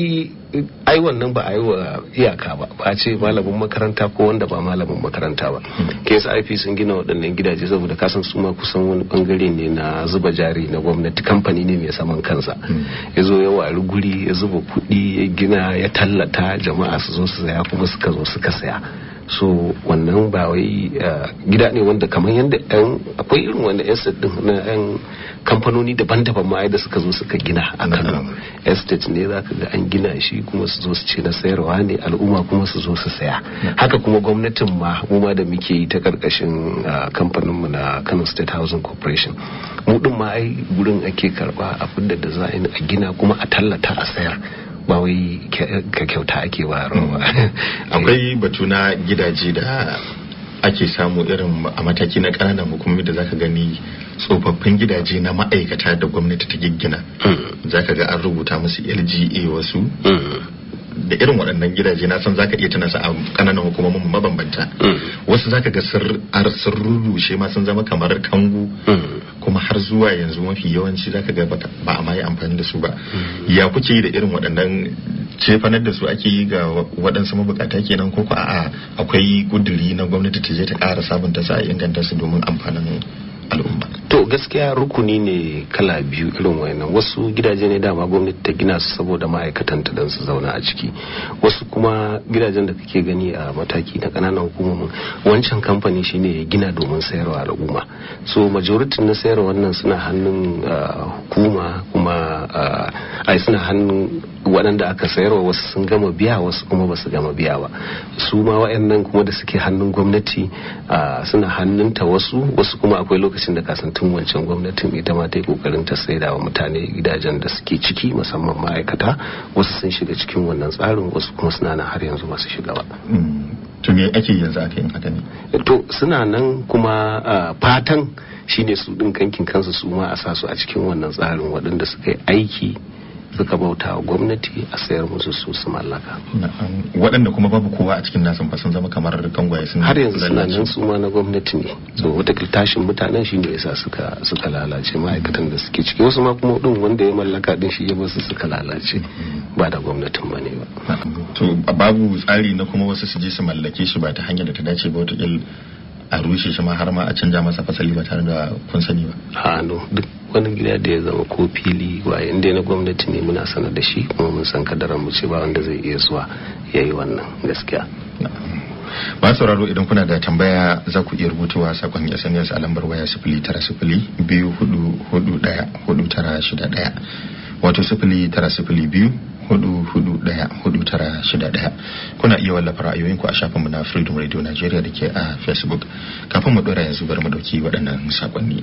ai wannan ba a yi wa iyaka ba ba a ce malamin makaranta ko wanda ba malamin makaranta ba hmm. ksip sun gina waɗannan gidaje saboda kasan su ma kusan wani bangare ne na zuba jari na gwamnati kamfani ne mai saman kansa hmm. ya zo ya wari guri ya zuba kuɗi ya gina ya tallata jama'a su zo su saya kuma suka zo suka saya so wannan ba wai eh, gida ne wanda kamar yadda akwai irin wanda yasa din na yan kamfanoni daban-daban ma da suka zo suka gina a kano estate ne za ka ga an gina shi kuma su zo su ce na sayarwa ne al'umma kuma su zo su saya haka kuma gwamnatin ma da muke yi ta karkashin kamfaninmu na kano state housing corporation mu din ma ai gurin ake karba abin da za a gina kuma a tallata a sayar ba wai ka kyauta ake ba akwai batu na gidaje da ake samu irin a mataki na ƙananan hukumomi da zaka gani tsofaffin gidaje na ma'aikata da gwamnati ta giggina mm. zaka ga an rubuta musu lga wasu mm. da irin waɗannan gidaje na san zaka iya tana sa a ƙananan hukumomin mabambanta mm. wasu zaka ga sun rurrushe ma sun zama kamar kangu kuma har zuwa yanzu mafi yawanci zaka ga ba a ma yi amfani da su ba ya kuke yi da irin waɗannan ce fanar da su ake yi ga waɗansu mabukata kenan ko ko a'a akwai kuduri na gwamnati ta je ta ƙara sabunta su a inganta su domin amfanin al'umma to gaskiya rukuni ne kala biyu irin wayannan wasu gidaje ne dama gwamnati ta gina su saboda ma'aikatan ta dan su zauna a ciki wasu kuma gidajen da kake gani a mataki na kananan hukumomin wancan kamfani shine ya gina domin sayarwa al'umma so majority na sayarwa wannan suna hannun ah, hukuma kuma ah, ai suna hannun waɗanda aka sayarwa wasu sun gama biya wasu kuma basu gama biya ba su ma waɗannan kuma da suke hannun gwamnati suna hannunta wasu wasu kuma akwai lokacin da kasantun wancan gwamnatin ita ma ta yi kokarin ta saida wa mutane gidajen da suke ciki musamman ma'aikata wasu sun shiga cikin wannan tsarin wasu kuma suna nan har yanzu ba su shiga ba mm. to me ake yanzu aka yin haka ne to suna nan kuma fatan shine su ɗin kankin kansu su ma a sa su a cikin wannan tsarin waɗanda suka yi aiki suka bauta wa gwamnati a sayar musu su su mallaka waɗanda kuma babu kowa a cikin nasan sun zama kamar gangwaye sun har yanzu suna nan su ma na gwamnati ne so wata tashin mutanen shi ne yasa suka suka lalace ma'aikatan da suke ciki wasu ma kuma din wanda ya mallaka ɗin shi ya basu suka lalace mm-hmm. ba da gwamnatin ba ne ba to babu tsari na kuma wasu su je su mallake shi ba ta hanyar da ta dace ba wata a rushe shi ma har ma a canja masa fasali ba tare da kun sani ba a ah, no duk wani gida da ya zama ko fili Wa inda na gwamnati ne muna sanar da shi kuma mun san kadaran mu ce ba wanda zai iya zuwa ya yi wannan gaskiya masu sauraro idan kuna da tambaya za ku iya rubutuwa sakon sms a lambar waya sifili tara sifili biyu hudu hudu daya hudu tara shida daya wato sifili tara sifili biyu hudu hudu daya hudu tara shida daya kuna iya wallafa ra'ayoyinku a shafinmu na freedom radio nigeria da ke a facebook kafin mu dora yanzu bari mu dauki waɗannan sakonni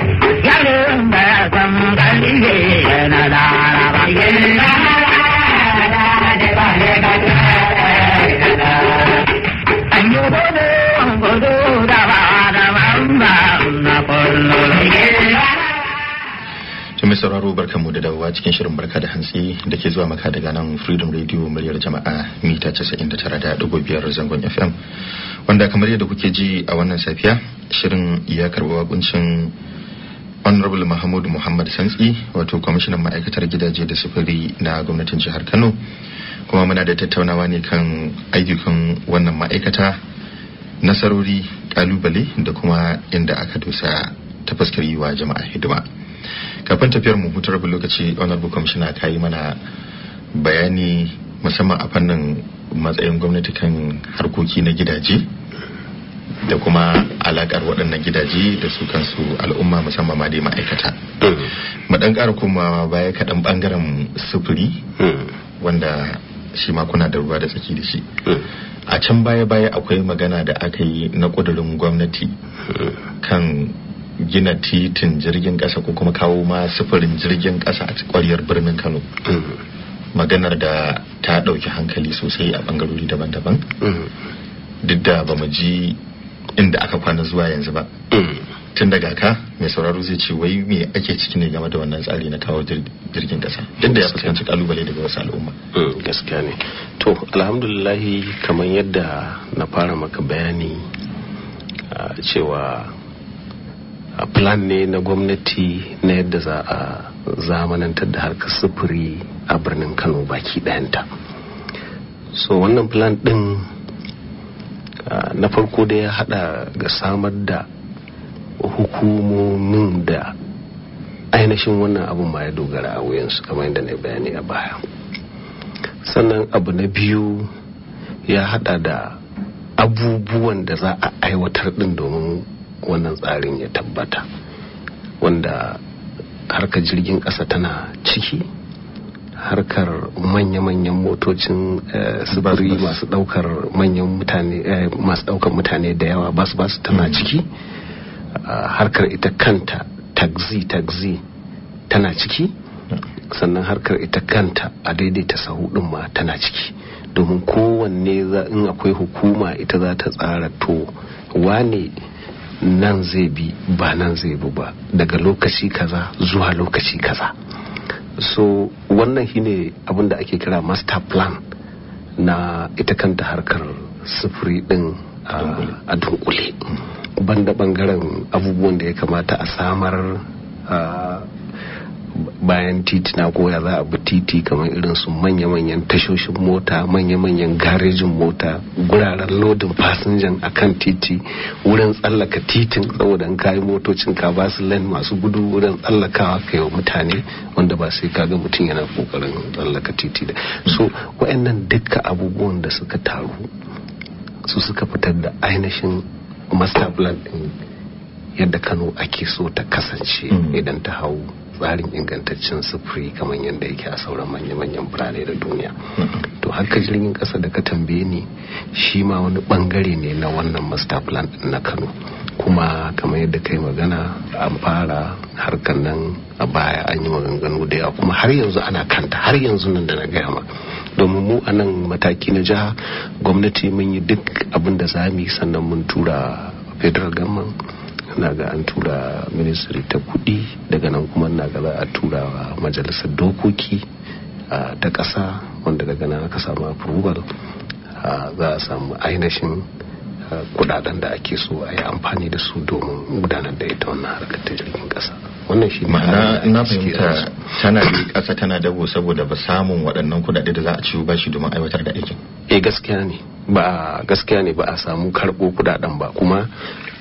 mai sauraro barkanmu da dawowa cikin shirin barka da hantsi da ke zuwa maka daga nan freedom radio muryar jama'a mita 99.5 zangon fm wanda kamar yadda kuke ji a wannan safiya shirin ya karbi wakuncin honorable mahmud muhammad santsi wato kwamishinan ma'aikatar gidaje da sufuri na gwamnatin jihar kano kuma muna da tattaunawa ne kan ayyukan wannan ma'aikata nasarori kalubale da kuma inda aka dosa ta fuskar yi wa jama'a hidima kafin tafiyar mu rabin lokaci honorable commissioner ta yi mana bayani musamman a fannin matsayin gwamnati kan harkoki na gidaje da kuma alakar waɗannan gidaje da su kansu al'umma musamman ma dai ma'aikata. mu ƙara kuma baya kaɗan ɓangaren sufuri wanda shi ma kuna da ruwa da tsaki da shi. a can baya-baya akwai magana da aka yi na ƙudurin gwamnati kan gina titin jirgin kasa ko kuma kawo ma sufurin jirgin kasa a ƙwaryar birnin kano mm-hmm. maganar da ta ɗauki hankali sosai a bangarori daban-daban mm-hmm. duk da ba mu ji inda aka kwana zuwa yanzu ba mm-hmm. tun daga ka mai sauraro zai ce wai me ake ciki ne game da wannan tsari na kawo jirgin kasa duk da ya fuskanci kalubale daga wasu al'umma mm, gaskiya ne to alhamdulillahi kamar yadda na fara maka bayani ah, cewa A plan ne na gwamnati na yadda za a zamanantar da harkar sufuri a birnin kano baki ɗayanta so wannan plan ɗin na farko da ya hada ga samar da hukumomin da ainihin wannan abin ma ya dogara a wuyansu kamar yadda na bayani a baya sannan abu na biyu ya hada da abubuwan da za a aiwatar din domin wannan tsarin ya tabbata wanda harkar jirgin ƙasa tana ciki harkar manya-manyan motocin eh, sufuri masu daukar manyan mutane eh, masu daukar mutane da yawa bas bas tana hmm. ciki ah, harkar ita kanta taxi taxi tana ciki sannan harkar ita kanta a daidaita sahu din ma tana ciki domin kowanne in akwai hukuma ita za ta tsara to wane nan zai bi ba nan zai bi ba daga lokaci kaza zuwa lokaci kaza so wannan shine ne da ake kira master plan na ita kanta harkar sufuri din a dunkule banda bangaren abubuwan da ya kamata a samar bayan titi na koya za a bi titi kamar irin su manya-manyan tashoshin mota manya-manyan garejin mota guraren lodin fasinjan a kan titi wurin tsallaka titin saboda in kayi motocin ka ba su len masu gudu wurin tsallakawa ka yi mutane wanda ba sai ka ga mutum yana kokarin tsallaka titi da so wa'annan dukka abubuwan da suka taru su suka fitar da ainihin master plan yadda kano ake so ta kasance mm. idan ta hau tsarin ingantaccen sufuri kamar yadda yake a sauran manya-manyan birane da duniya to haka jirgin kasa da ka tambaye ni shi ma wani bangare ne na wannan master plan na kano kuma kamar yadda kai magana an fara harkar nan a baya an yi maganganu da yawa kuma har yanzu ana kanta har yanzu nan da na gaya ma domin mu a nan mataki na jiha gwamnati mun yi duk abin da za mu yi sannan mun tura federal government na ga an tura ministry ta kudi daga nan kuma na ga za a tura wa majalisar dokoki ta ƙasa wanda daga nan aka samu approval za a samu ainihin kudaden da ake so a yi amfani da su domin gudanar da ita wannan harkar ta jirgin ƙasa wannan shi ma'ana na fahimta tana da ƙasa tana dago saboda ba samun waɗannan kudade da za a ciwo bashi domin aiwatar da aikin eh gaskiya ne ba gaskiya ne ba a samu karɓo kudaden ba kuma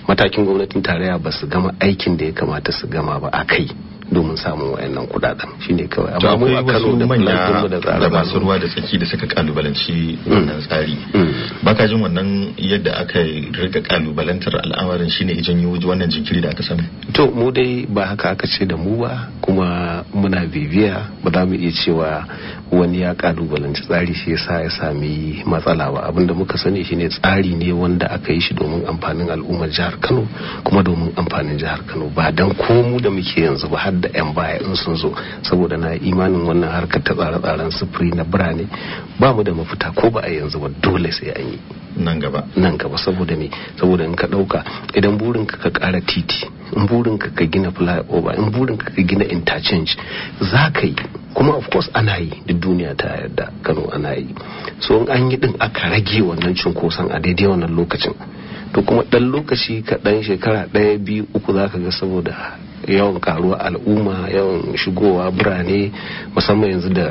matakin gwamnatin tarayya ba su gama aikin da ya kamata su gama ba a kai domin samun wayannan kudaden shine kawai amma mu a Kano da manya da masu ruwa da tsaki da suka kalubalanci mm. wannan tsari mm. baka jin wannan yadda aka rika kalubalantar al'amarin shine ya janyo wannan jinkiri da aka sani to mu dai ba haka aka ce da mu ba kuma muna bibiya ba za mu iya cewa wani ya kalubalanci tsari shi yasa ya sami matsala ba abinda muka sani shine tsari ne wanda aka yi shi domin amfanin al'ummar jihar Kano kuma domin amfanin jihar Kano ba dan komu da muke yanzu ba har da 'yan baya in sun zo saboda na imanin wannan harkar ta tsare-tsaren sufuri na birane ba mu da mafita ko ba a yanzu ba dole sai an yi nan gaba nan gaba saboda me saboda in ka dauka idan burin ka kara titi in burin ka ka gina flyover in burin ka ka gina interchange za ka yi kuma of course ana yi duk duniya ta yarda kano ana yi so in an yi din aka rage wannan cunkoson a daidai wannan lokacin to kuma dan lokaci kaɗan shekara ɗaya biyu uku za ka ga saboda yawan karuwa al'umma yawan shigowa birane musamman yanzu da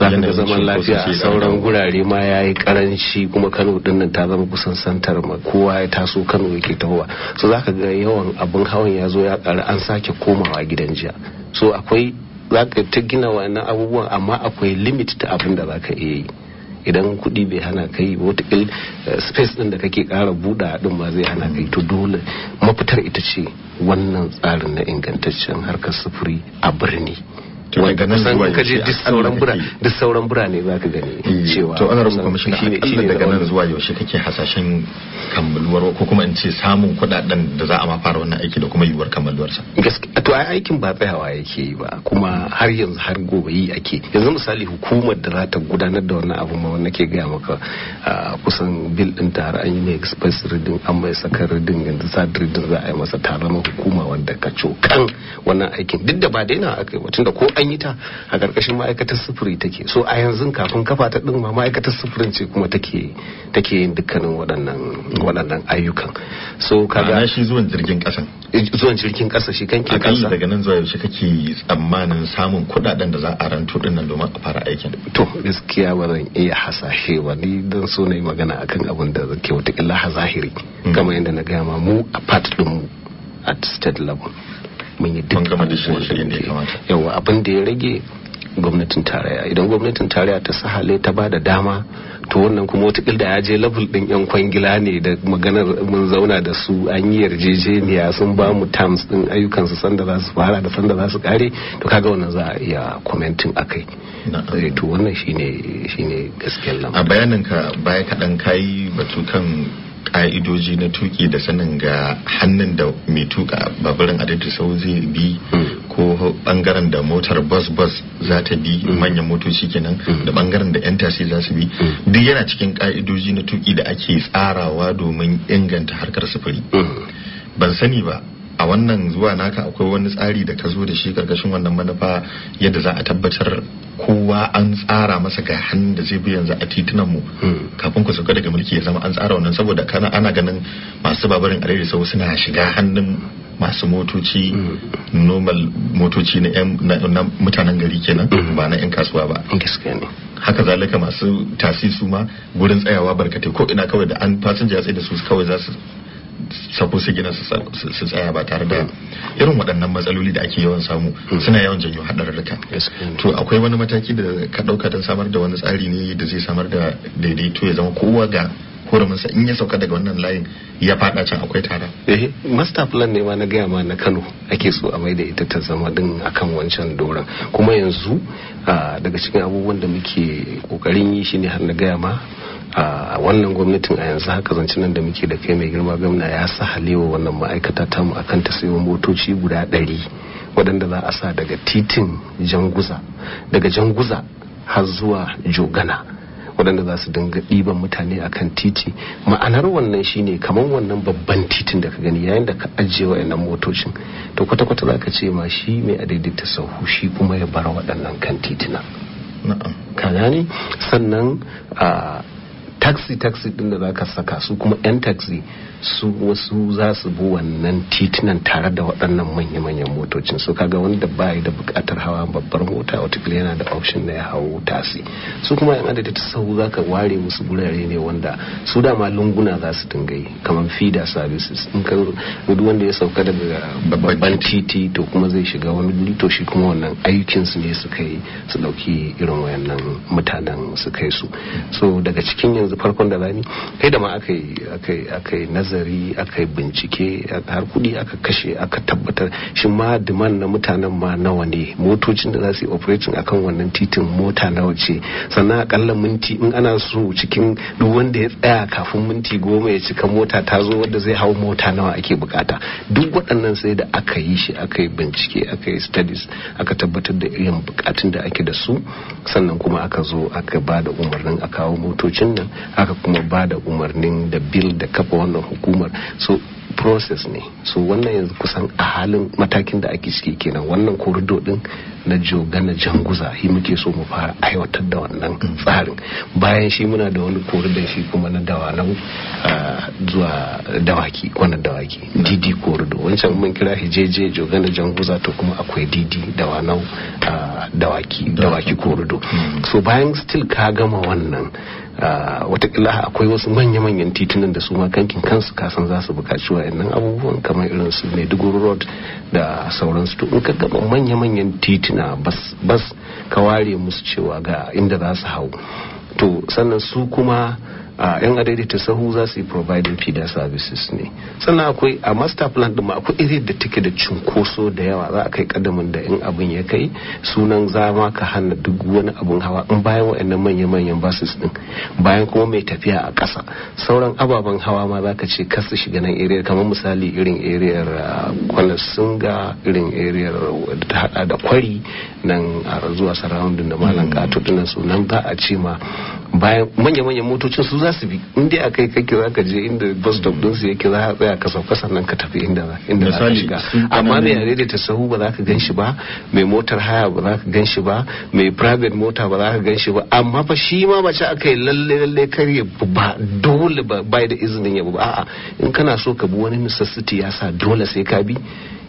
zaka zaman lafiya a sauran gurare ma ya yi karanci kuma kano dinnan ta zama kusan santar ma kowa ya taso kano yake tahowa so zaka ga yawan abin hawan ya zo ya karu an sake komawa gidan jiya so akwai zaka ta gina wannan abubuwan amma akwai limit ta abin da zaka iya yi idan kudi bai hana kai il eh, space ɗin da kake kara buɗa ɗin ma zai hana kai to dole mafitar ita ce wannan tsarin na ingantaccen harkar sufuri a birni daga nan zuwa ka je duk sauran birane duk sauran birane za ka gani eh, cewa to ana rubuta shi ne daga nan zuwa yaushe kake hasashen kammaluwar ko kuma in ce samun kuɗaɗen da za a ma fara wannan aiki da kuma yiwuwar kammaluwar sa to ai aikin ba tsayawa yake yi ba kuma har yanzu har gobe yi ake yanzu misali hukumar da za ta gudanar da wannan abu ma wanda ke gaya maka kusan bil din ta an yi ne express reading an mai saka reading yanzu sad reading za a yi masa taron hukuma wanda ka cokan wannan aikin duk da ba daina akai ba tunda ko an yi ta a ƙarƙashin ma'aikatar sufuri take so a yanzu kafin kafa ta ɗin ma ma'aikatar sufurin ce kuma take take yin dukkanin waɗannan waɗannan ayyukan so kaga shi zuwan jirgin ƙasa eh, zuwan jirgin ƙasa shi kanke akalla daga nan zuwa yaushe kake tsammanin samun kuɗaɗen da za a ranto ɗin nan domin a fara aikin to gaskiya ba zan iya hasashe ba ni dan so na yi magana akan abin da ke wata illa zahiri. Hmm. kamar yadda na gaya ma mu a part ɗin mu at state level mun yi duk gama da shirin da ya kamata yawa abin da ya rage gwamnatin tarayya idan gwamnatin tarayya ta sahale ta ba da dama to wannan kuma wata da ya je level din yan kwangila ne da maganar mun zauna da su an yi yarjejeniya sun ba mu terms din ayyukan su sanda za su fara da sanda za su kare to kaga wannan za a iya commenting akai eh, to wannan shine shine gaskiyar lamarin a bayanin ka baya kaɗan kayi batu kan ka'idoji na tuki da sanin ga hannun da mai tuka baburin adadi sau zai bi hmm. ko bangaren da motar bus bus za ta bi hmm. manyan motoci kenan hmm. da bangaren da yan tasi za su bi duk yana cikin ka'idoji na tuki da ake tsarawa domin inganta harkar sufuri ban sani ba a wannan zuwa naka akwai wani tsari da ka zo da shi karkashin wannan manufa yadda za a tabbatar kowa an tsara masa ga hannun da zai bi yanzu a titunan mu hmm. kafin ku sauka daga mulki ya zama an tsara wannan saboda kana ana ganin masu babarin arewa sau suna shiga hannun masu motoci hmm. normal motoci na mutanen gari kenan hmm. ba na 'yan kasuwa ba haka zalika masu tasi su ma gurin tsayawa barkatai ko ina kawai da an fasinja ya tsaye da su kawai za su suppose su gina su tsaya ba tare da irin waɗannan matsaloli da ake yawan samu suna yawan janyo haɗarurruka to akwai wani mataki da ka ɗauka don samar da wani tsari ne da zai samar da daidaito ya zama kowa ga sa in ya sauka daga wannan layin ya faɗa can akwai tara. Eh, master plan ne ma na gaya ma na Kano ake so a mai da ita ta zama din akan wancan doron kuma yanzu ah, daga cikin abubuwan da muke kokarin yi shine har na gaya ma a wannan gwamnatin a yanzu haka zance nan da muke da kai mai girma gwamna ya sa halewa wannan ma'aikata ta mu akan ta sayo motoci guda ɗari waɗanda za a sa daga titin janguza daga janguza har zuwa jogana waɗanda za su dinga ɗiban mutane a kan titi ma'anar wannan shine kamar wannan babban titin da ka gani yayin da ka ajiye wa'annan motocin to kwata-kwata za ka ce ma shi mai adaidaita sahu shi kuma ya bar waɗannan kan titina ka gani sannan taxi taxi din da ka saka su kuma yan taxi su wasu za su bi wannan titunan tare da waɗannan manya-manyan motocin su kaga wanda ba da buƙatar hawa babbar mota watakila yana da option na ya hau tasi su kuma yan adadi ta sau za ka ware musu gurare ne wanda su dama lunguna za su dinga kamar feeder services in ka duk wanda ya sauka daga babban titi to kuma zai shiga wani guri to shi kuma wannan aikin su ne suka yi su ɗauki irin wayannan mutanen su kai su so daga cikin yanzu farkon da rani kai da ma aka yi nazari aka yi bincike har kuɗi aka kashe aka tabbatar shi ma diman na mutanen ma nawa ne motocin da za su yi operating akan wannan titin mota nawa ce sannan akalla minti in ana so cikin duk wanda ya tsaya kafin minti goma ya cika mota ta zo wadda zai hau mota nawa ake bukata duk waɗannan sai da aka yi shi aka yi bincike aka yi studies aka tabbatar da irin bukatun da ake da su sannan kuma aka zo aka ba da umarnin a kawo motocin nan aka kuma ba da umarnin da bil da kafa wannan hukumar so process ne so wannan yanzu kusan a halin matakin da ake ciki kenan wannan korido din na joga na janguza shi muke so mu fara aiwatar da wannan tsarin bayan shi muna da wani koridon shi kuma na dawanau zuwa dawaki wannan dawaki dd korido wancan mun kira shi jeje joga na janguza to kuma akwai dd dawanau dawaki dawaki korido hmm. so bayan still ka gama wannan Ah, watakila akwai wasu manya-manyan titunan da su ma kankin kansu kasan za su bukaci wa'annan abubuwan kamar irin su maiduguri road da sauransu to in ka gaba manya-manyan tituna bas ka ware musu cewa ga inda za su hau to sannan su kuma a yan adadi ta sahu za su yi providing feeder services ne sannan akwai a master plan ɗin akwai iri da take da cunkoso da yawa za a kai kadamin da in abin ya kai sunan za ma ka hana duk wani abin hawa in bayan wa'annan manya-manyan buses din bayan kuma mai tafiya a ƙasa sauran ababen hawa ma za ka ce kar su shiga nan area kamar misali irin area kwalasinga irin area da ta hada da kwari nan a zuwa surrounding da malam kato mm. dinan sunan za a ce ma bayan manya-manyan motocin su za su bi inda a kai kake za ka je inda bus stop din su yake za a tsaya ka sauka sannan ka tafi inda za ka shiga amma mai yare da sahu ba za ka gan shi ba mai motar haya ba za ka gan shi ba mai private mota ba za ka gan shi ba amma fa shi ma ba ci aka yi lalle lalle karye ba dole ba bai da izinin ya ba a'a in kana so ka bi wani Mr. City ya sa dole sai ka bi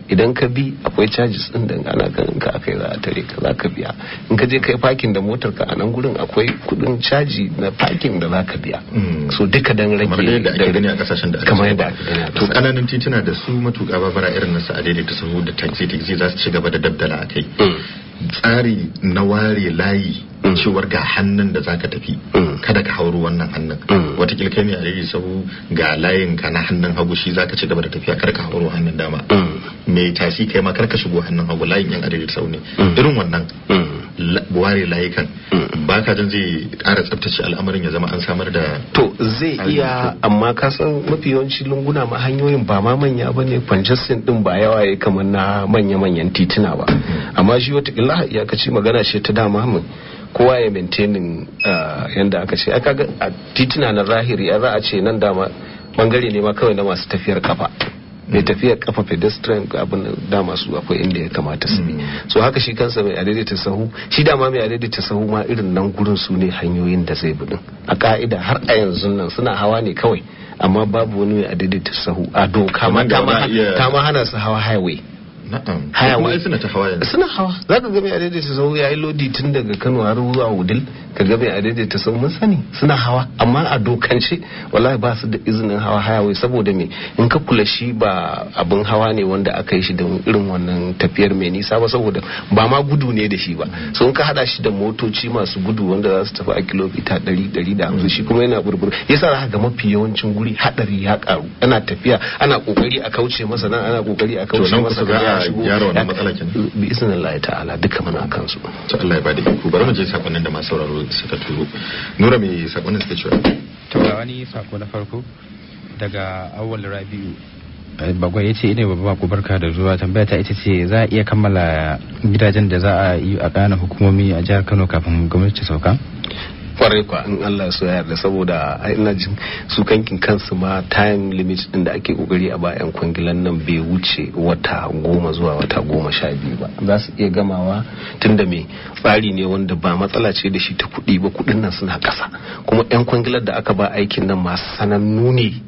idan ka bi akwai charges din da ana kan ka akai za a tare ka za ka biya in ka je kai parking da motar ka a nan gurin akwai kudin caji na parking da za ka biya hmm. so duka dan rage kamar yadda ake gani a kasashen da kamar yadda to kananan tituna da su matuka babara irin na sa a daidaita sahu da taxi taxi za su ci gaba da dabdala akai hmm. tsari na ware layi mm. cewar ga hannun da zaka tafi mm. kada ka hauro wannan hannun mm. watakila kai ne a yi sabu ga layin ka na hannun hagu shi zaka ci gaba da tafiya kar ka hauro hannun dama mai tasi kai ma kar ka shigo hannun hagu layin yan adadi sau ne irin wannan buware layukan ba ka jin zai ƙara tsabtace al'amarin ya zama an samar da to zai iya amma ka san mafi yawanci lunguna ma hanyoyin ba ma manya ba ne congestion din ba yawa ya kamar na manya-manyan tituna ba mm-hmm. amma shi ya kaci magana ce ta dama min kowa ya maintaining ah, yanda aka ce aka ga a tituna na zahiri a za a ce nan dama bangare ne ma kawai na masu tafiyar kafa mai tafiya kafa pedestrian abin dama su akwai inda ya kamata su bi mm. so haka shi kansa mai adaidaita sahu shi dama mai adaidaita sahu ma irin nan gurin su ne hanyoyin da zai bi a ka'ida har a yanzu nan suna hawa ne kawai amma babu wani mai adaidaita sahu a doka ma ta mahana hana su hawa highway na'am suna ta hawa yanzu suna hawa za ka gami mai adaidaita sau ya yi lodi tun daga Kano har zuwa Wudil ka gami adaidaita sau mun sani suna hawa amma a dokance wallahi ba su da izinin hawa hayawai saboda me in ka kula shi ba abin hawa ne wanda aka yi shi da irin wannan tafiyar mai nisa ba saboda ba ma gudu ne da shi ba so in ka hada shi da motoci masu gudu wanda za su tafi a kilomita da 150 shi kuma yana burburu yasa za ga mafi yawancin guri hadari ya karu ana tafiya ana kokari a kauce masa nan ana kokari a kauce masa shigo gyara wannan matsala kenan bi isnillahi ta'ala duka muna kan su to Allah ya bada iko bari mu je sakonnin da masu sauraro suka turo nura me sakonnin suka cewa to ga wani sako na farko daga awwal rabi'u eh, bagwai ya ce ina babba ku barka da zuwa tambaya ta ita ce za a iya kammala gidajen da za a yi a ƙananan hukumomi a jihar kano kafin gwamnati ta sauka kwarai kwa in Allah so ya yarda saboda ina jin su kankin kansu ma time limit din da ake kokari a bayan kwangilan nan bai wuce wata goma zuwa wata goma sha biyu ba za su iya gamawa Tunda da me tsari ne wanda ba matsala ce da shi ta kuɗi ba kuɗin nan suna ƙasa kuma 'yan kwangilar da aka ba aikin nan masu sanannu ne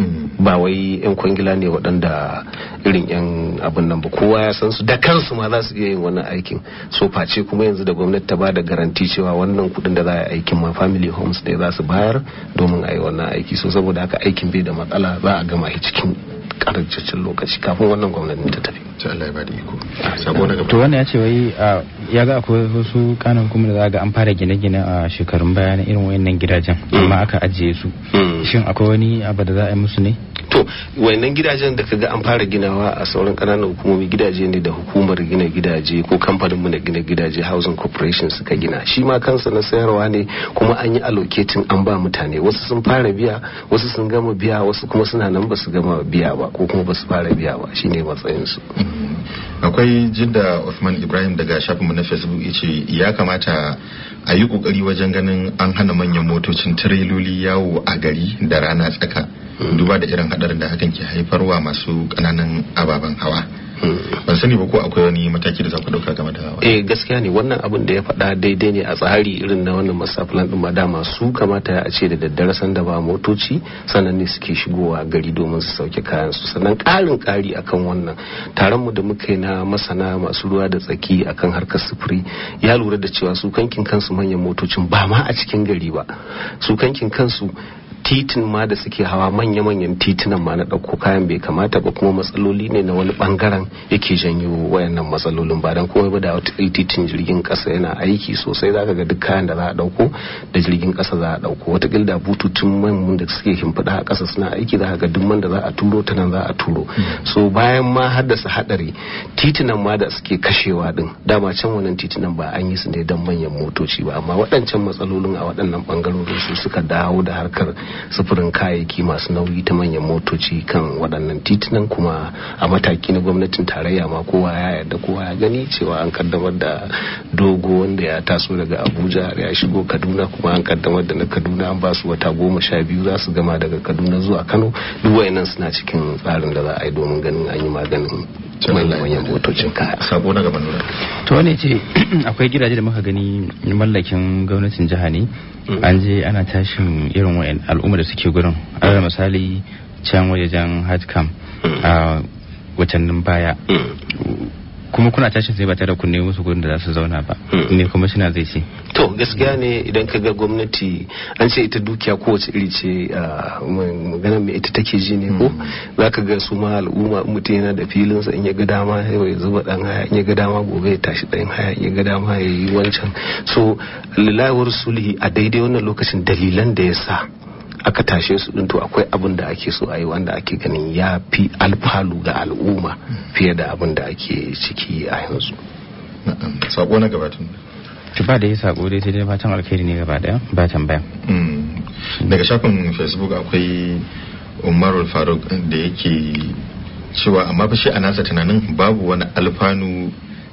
Mm. ba wai yan kwangila ne waɗanda irin yan abin nan ba kowa ya san su da kansu ma za su iya yin wannan aikin so face kuma yanzu da gwamnati ta ba da garanti cewa wannan kuɗin da za a yi aikin ma family homes ne za su bayar domin a yi wannan aiki so saboda haka aikin bai da matsala za a gama shi cikin karancin lokaci kafin wannan gwamnatin ta tafi to wannan ya ce wai ya ga akwai wasu kanan kuma da za ga an fara gine-gine a shekarun baya na irin wayannan gidajen mm. amma aka ajiye su mm. shin akwai wani abu da za a yi musu ne to wannan gidajen da kaga an fara ginawa a sauran kananan hukumomi gidaje ne da hukumar gina gidaje ko kamfaninmu na gina gidaje housing corporation suka gina shi ma kansa na sayarwa ne kuma an yi allocating an ba mutane wasu sun fara biya wasu sun gama biya wasu kuma suna nan ba su gama biya ba ko kuma ba su fara biya ba shine matsayin su mm-hmm. akwai jinda Usman Ibrahim daga mu na Facebook yace ya kamata a yi kokari wajen ganin an hana manyan motocin tireloli yawo a gari da rana tsaka duba da irin hadarin da hakan ke haifarwa masu kananan ababen hawa ban sani ba ko akwai wani mataki da za ku dauka game da eh gaskiya ne wannan abin da ya faɗa daidai ne a tsari irin na wannan masafilan din ma da su kamata a ce da daddare san da ba motoci sannan ne suke shigowa gari domin su sauke kayan su sannan ƙarin ƙari akan wannan taron mu da muka yi na masana masu ruwa da tsaki akan harkar sufuri ya lura da cewa su kankin kansu manyan motocin ba ma a cikin gari ba su kankin kansu titin ma da suke hawa manya-manyan titunan ma na ɗauko kayan bai kamata ba kuma matsaloli ne na wani bangaren yake janyo wayannan matsalolin ba don kuma ba da wata titin jirgin kasa yana aiki sosai zaka ga duk kayan da za a ɗauko da jirgin kasa za a ɗauko wata da bututun man da suke himfida a kasa suna aiki zaka ga duk man da za a turo ta nan za a turo so bayan ma haddasa haɗari titunan ma da suke kashewa din dama can wannan titunan ba an yi su ne don manyan motoci ba amma waɗancan matsalolin a waɗannan bangarorin su suka dawo da harkar sufurin kayayyaki masu nauyi ta manyan motoci kan waɗannan titunan kuma a mataki na gwamnatin tarayya ma kowa ya yarda kowa ya gani cewa an kaddamar da dogo wanda ya taso daga abuja ya shigo kaduna kuma an kaddamar da na kaduna an ba wata goma sha biyu za su gama daga kaduna zuwa kano duk wayannan suna cikin tsarin da za a yi domin ganin an yi maganin manyan motocin kaya sabo na gaban to wani ce akwai gidaje da muka gani mallakin gwamnatin jiha ne mm. an je ana tashin irin wayan al'umma da suke gurin alal misali can wajajen hajj camp mm. a watannin baya mm. kuma kuna tashin sai ba tare kunne musu gurin da za su zauna ba ne kuma shi zai ce to gaskiya ne idan ka ga gwamnati an ce ita dukiya kowace iri ce magana mai ita take ji ne ko hmm. za ka ga su ma al'umma mutum yana da filinsa in ya ga dama ya zuba dan haya in ya ga dama gobe ya tashi dan haya in ya ga dama ya yi wancan so lalawar sulhi a daidai wannan lokacin dalilan da ya sa aka tashe su din to akwai abin da ake so a yi wanda ake ganin ya fi alfalu ga al'umma fiye da abin da ake ciki a yanzu sako na gabatun ba da yi sako dai sai dai fatan alkhairi ne gaba daya ba tambaya mm. daga shafin facebook akwai umarul faruk da yake cewa amma fa shi a nasa tunanin babu wani alfanu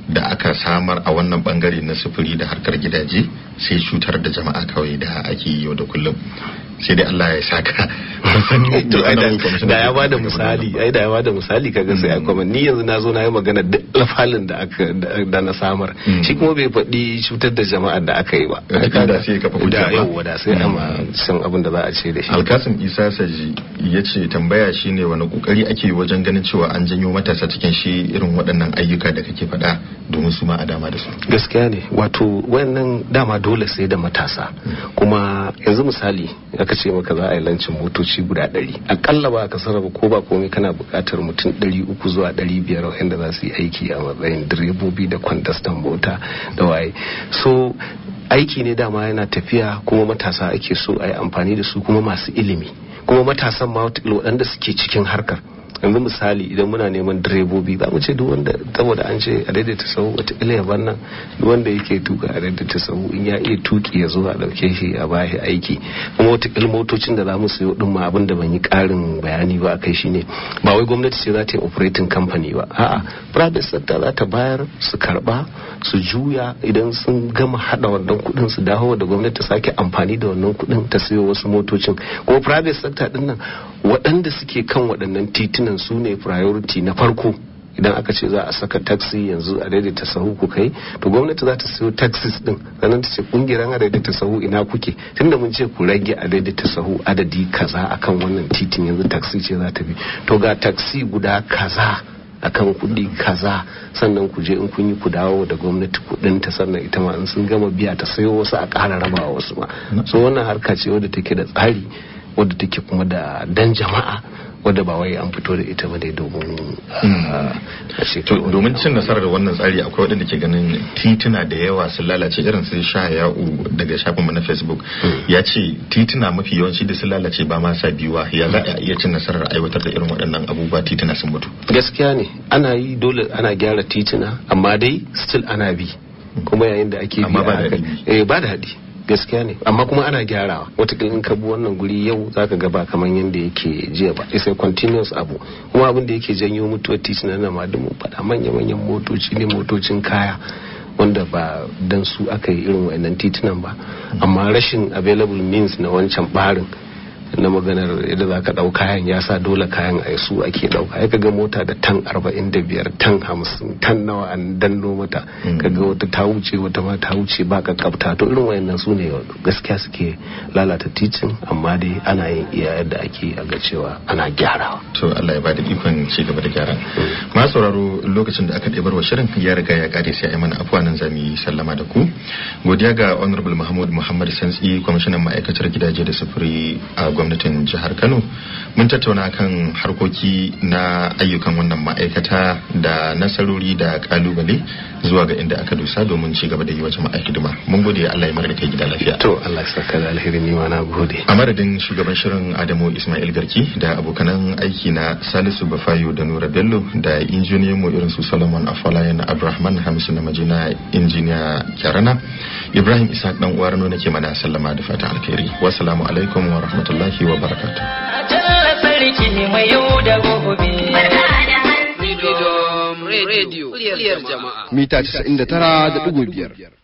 da aka samar a wannan bangare na sufuri da harkar gidaje sai cutar da jama'a kawai da ake yi yau da kullum sai dai Allah ya saka to ai da ya bada misali ai da ya bada misali kaga sai ya kuma hmm. ni yanzu na zo na yi magana duk lafalin da aka da na samar hmm. shi kuma bai faɗi cutar da jama'ar da aka yi ba eh, da sai ka da yawa da sai amma hmm. san abin da za a ce da shi alkasim isa saji tambaya shine wani kokari ake wajen ganin cewa an janyo matasa cikin shi irin waɗannan ayyuka da kake faɗa domin su ma a dama da su gaskiya ne wato wayannan dama dole sai da matasa kuma yanzu misali aka ce maka za a yi lancin motoci guda ɗari akalla ba ka sarrafa ko ba komai kana buƙatar mutum ɗari uku zuwa ɗari biyar wanda za su yi aiki a matsayin direbobi da kwandastan mota da waye so aiki ne dama yana tafiya kuma matasa ake so a yi amfani da su kuma masu ilimi kuma matasan ma waɗanda suke cikin harkar yanzu misali idan muna neman direbobi ba mu ce duk wanda saboda an ce a daidaita sahu wata ilayaban nan duk wanda yake tuka a daidaita sahu in ya iya tuki ya zo a dauke shi a bashi aiki kuma wata motocin da za mu sayo din ma abin da ban yi karin bayani ba akai shine ba wai gwamnati ce za ta yi operating company ba a'a private sector za ta bayar su karba su juya idan sun gama hada wannan kudin su dawo da gwamnati ta sake amfani da wannan kuɗin ta sayo wasu motocin kuma private sector din nan waɗanda suke kan waɗannan titunan su ne priority na farko idan aka ce za a saka taxi yanzu a daidaita sahu ku kai to gwamnati za ta sayo taxis din sannan ta ce kungiyar a daidaita sahu ina kuke tunda mun ce ku rage a daidaita sahu adadi kaza akan wannan titin yanzu taxi ce za ta bi to ga taxi guda kaza akan kuɗi kaza sannan ku je in kun yi ku dawo da gwamnati kuɗin ta sannan ita ma in sun gama biya ta sayo wasu a ƙara rabawa wasu ma so wannan harka ce wadda take da tsari wadda take kuma da dan jama'a wadda ba wai an fito da ita ba hmm. ah, ne domin domin cin nasarar wannan tsari akwai waɗanda ke ganin tituna da yawa sun lalace irin sai sha ya'u daga shafin mu na facebook hmm. ya ce tituna mafi yawanci da sun lalace ba ma sa biyuwa ya za a iya cin nasarar aiwatar da irin waɗannan abubuwa tituna sun mutu gaskiya ne ana yi dole ana gyara tituna amma dai still ana bi hmm. kuma yayin da ake bi eh, ba da haɗi gaskiya ne amma kuma ana gyarawa watakila in ka wannan guri yau zaka ga ba kamar yadda yake jiya ba isa continuous abu kuma abin da yake janyo mutuwar titi na nama da mu faɗa manya-manyan motoci ne motocin kaya wanda ba dan su aka yi irin wa'annan titunan ba amma rashin available means na wancan barin na maganar yadda za ka ɗau kayan ya sa dole kayan a su ake ɗauka ya kaga mota da tan arba'in da biyar tan hamsin tan nawa an danno mata mm. kaga wata ta wuce wata ma ta wuce ba ka kafta to irin wayannan su ne gaskiya suke lalata titin amma dai ana yin iya yadda ake a ga cewa ana gyarawa. to Allah ya bada ikon ci gaba da gyara. Mm. ma sauraro lokacin da aka ɗebar wa shirin ya riga ya kare sai a mana afuwa nan za yi sallama da ku godiya ga honorable mahmud muhammad santsi kwamishinan ma'aikatar gidaje da sufuri a gwamnatin jihar kano mun tattauna kan harkoki na ayyukan wannan ma'aikata da nasarori da kalubale zuwa ga inda aka dusa domin ci gaba da yi wa jama'a mun gode Allah ya mara kai gida lafiya to Allah ya saka da alheri ni na gode a madadin shugaban shirin Adamu Ismail Garki da abokanan aiki na Salisu Bafayo da Nura Bello da injiniyan mu irin su Solomon Afolayan Abrahman Hamisu na Majina injiniya Kyarana Ibrahim Isa dan uwar nuna ke mana sallama da fata alkhairi wassalamu alaikum wa rahmatullahi warahmatullahi wa barakatuh. Mita 99.5.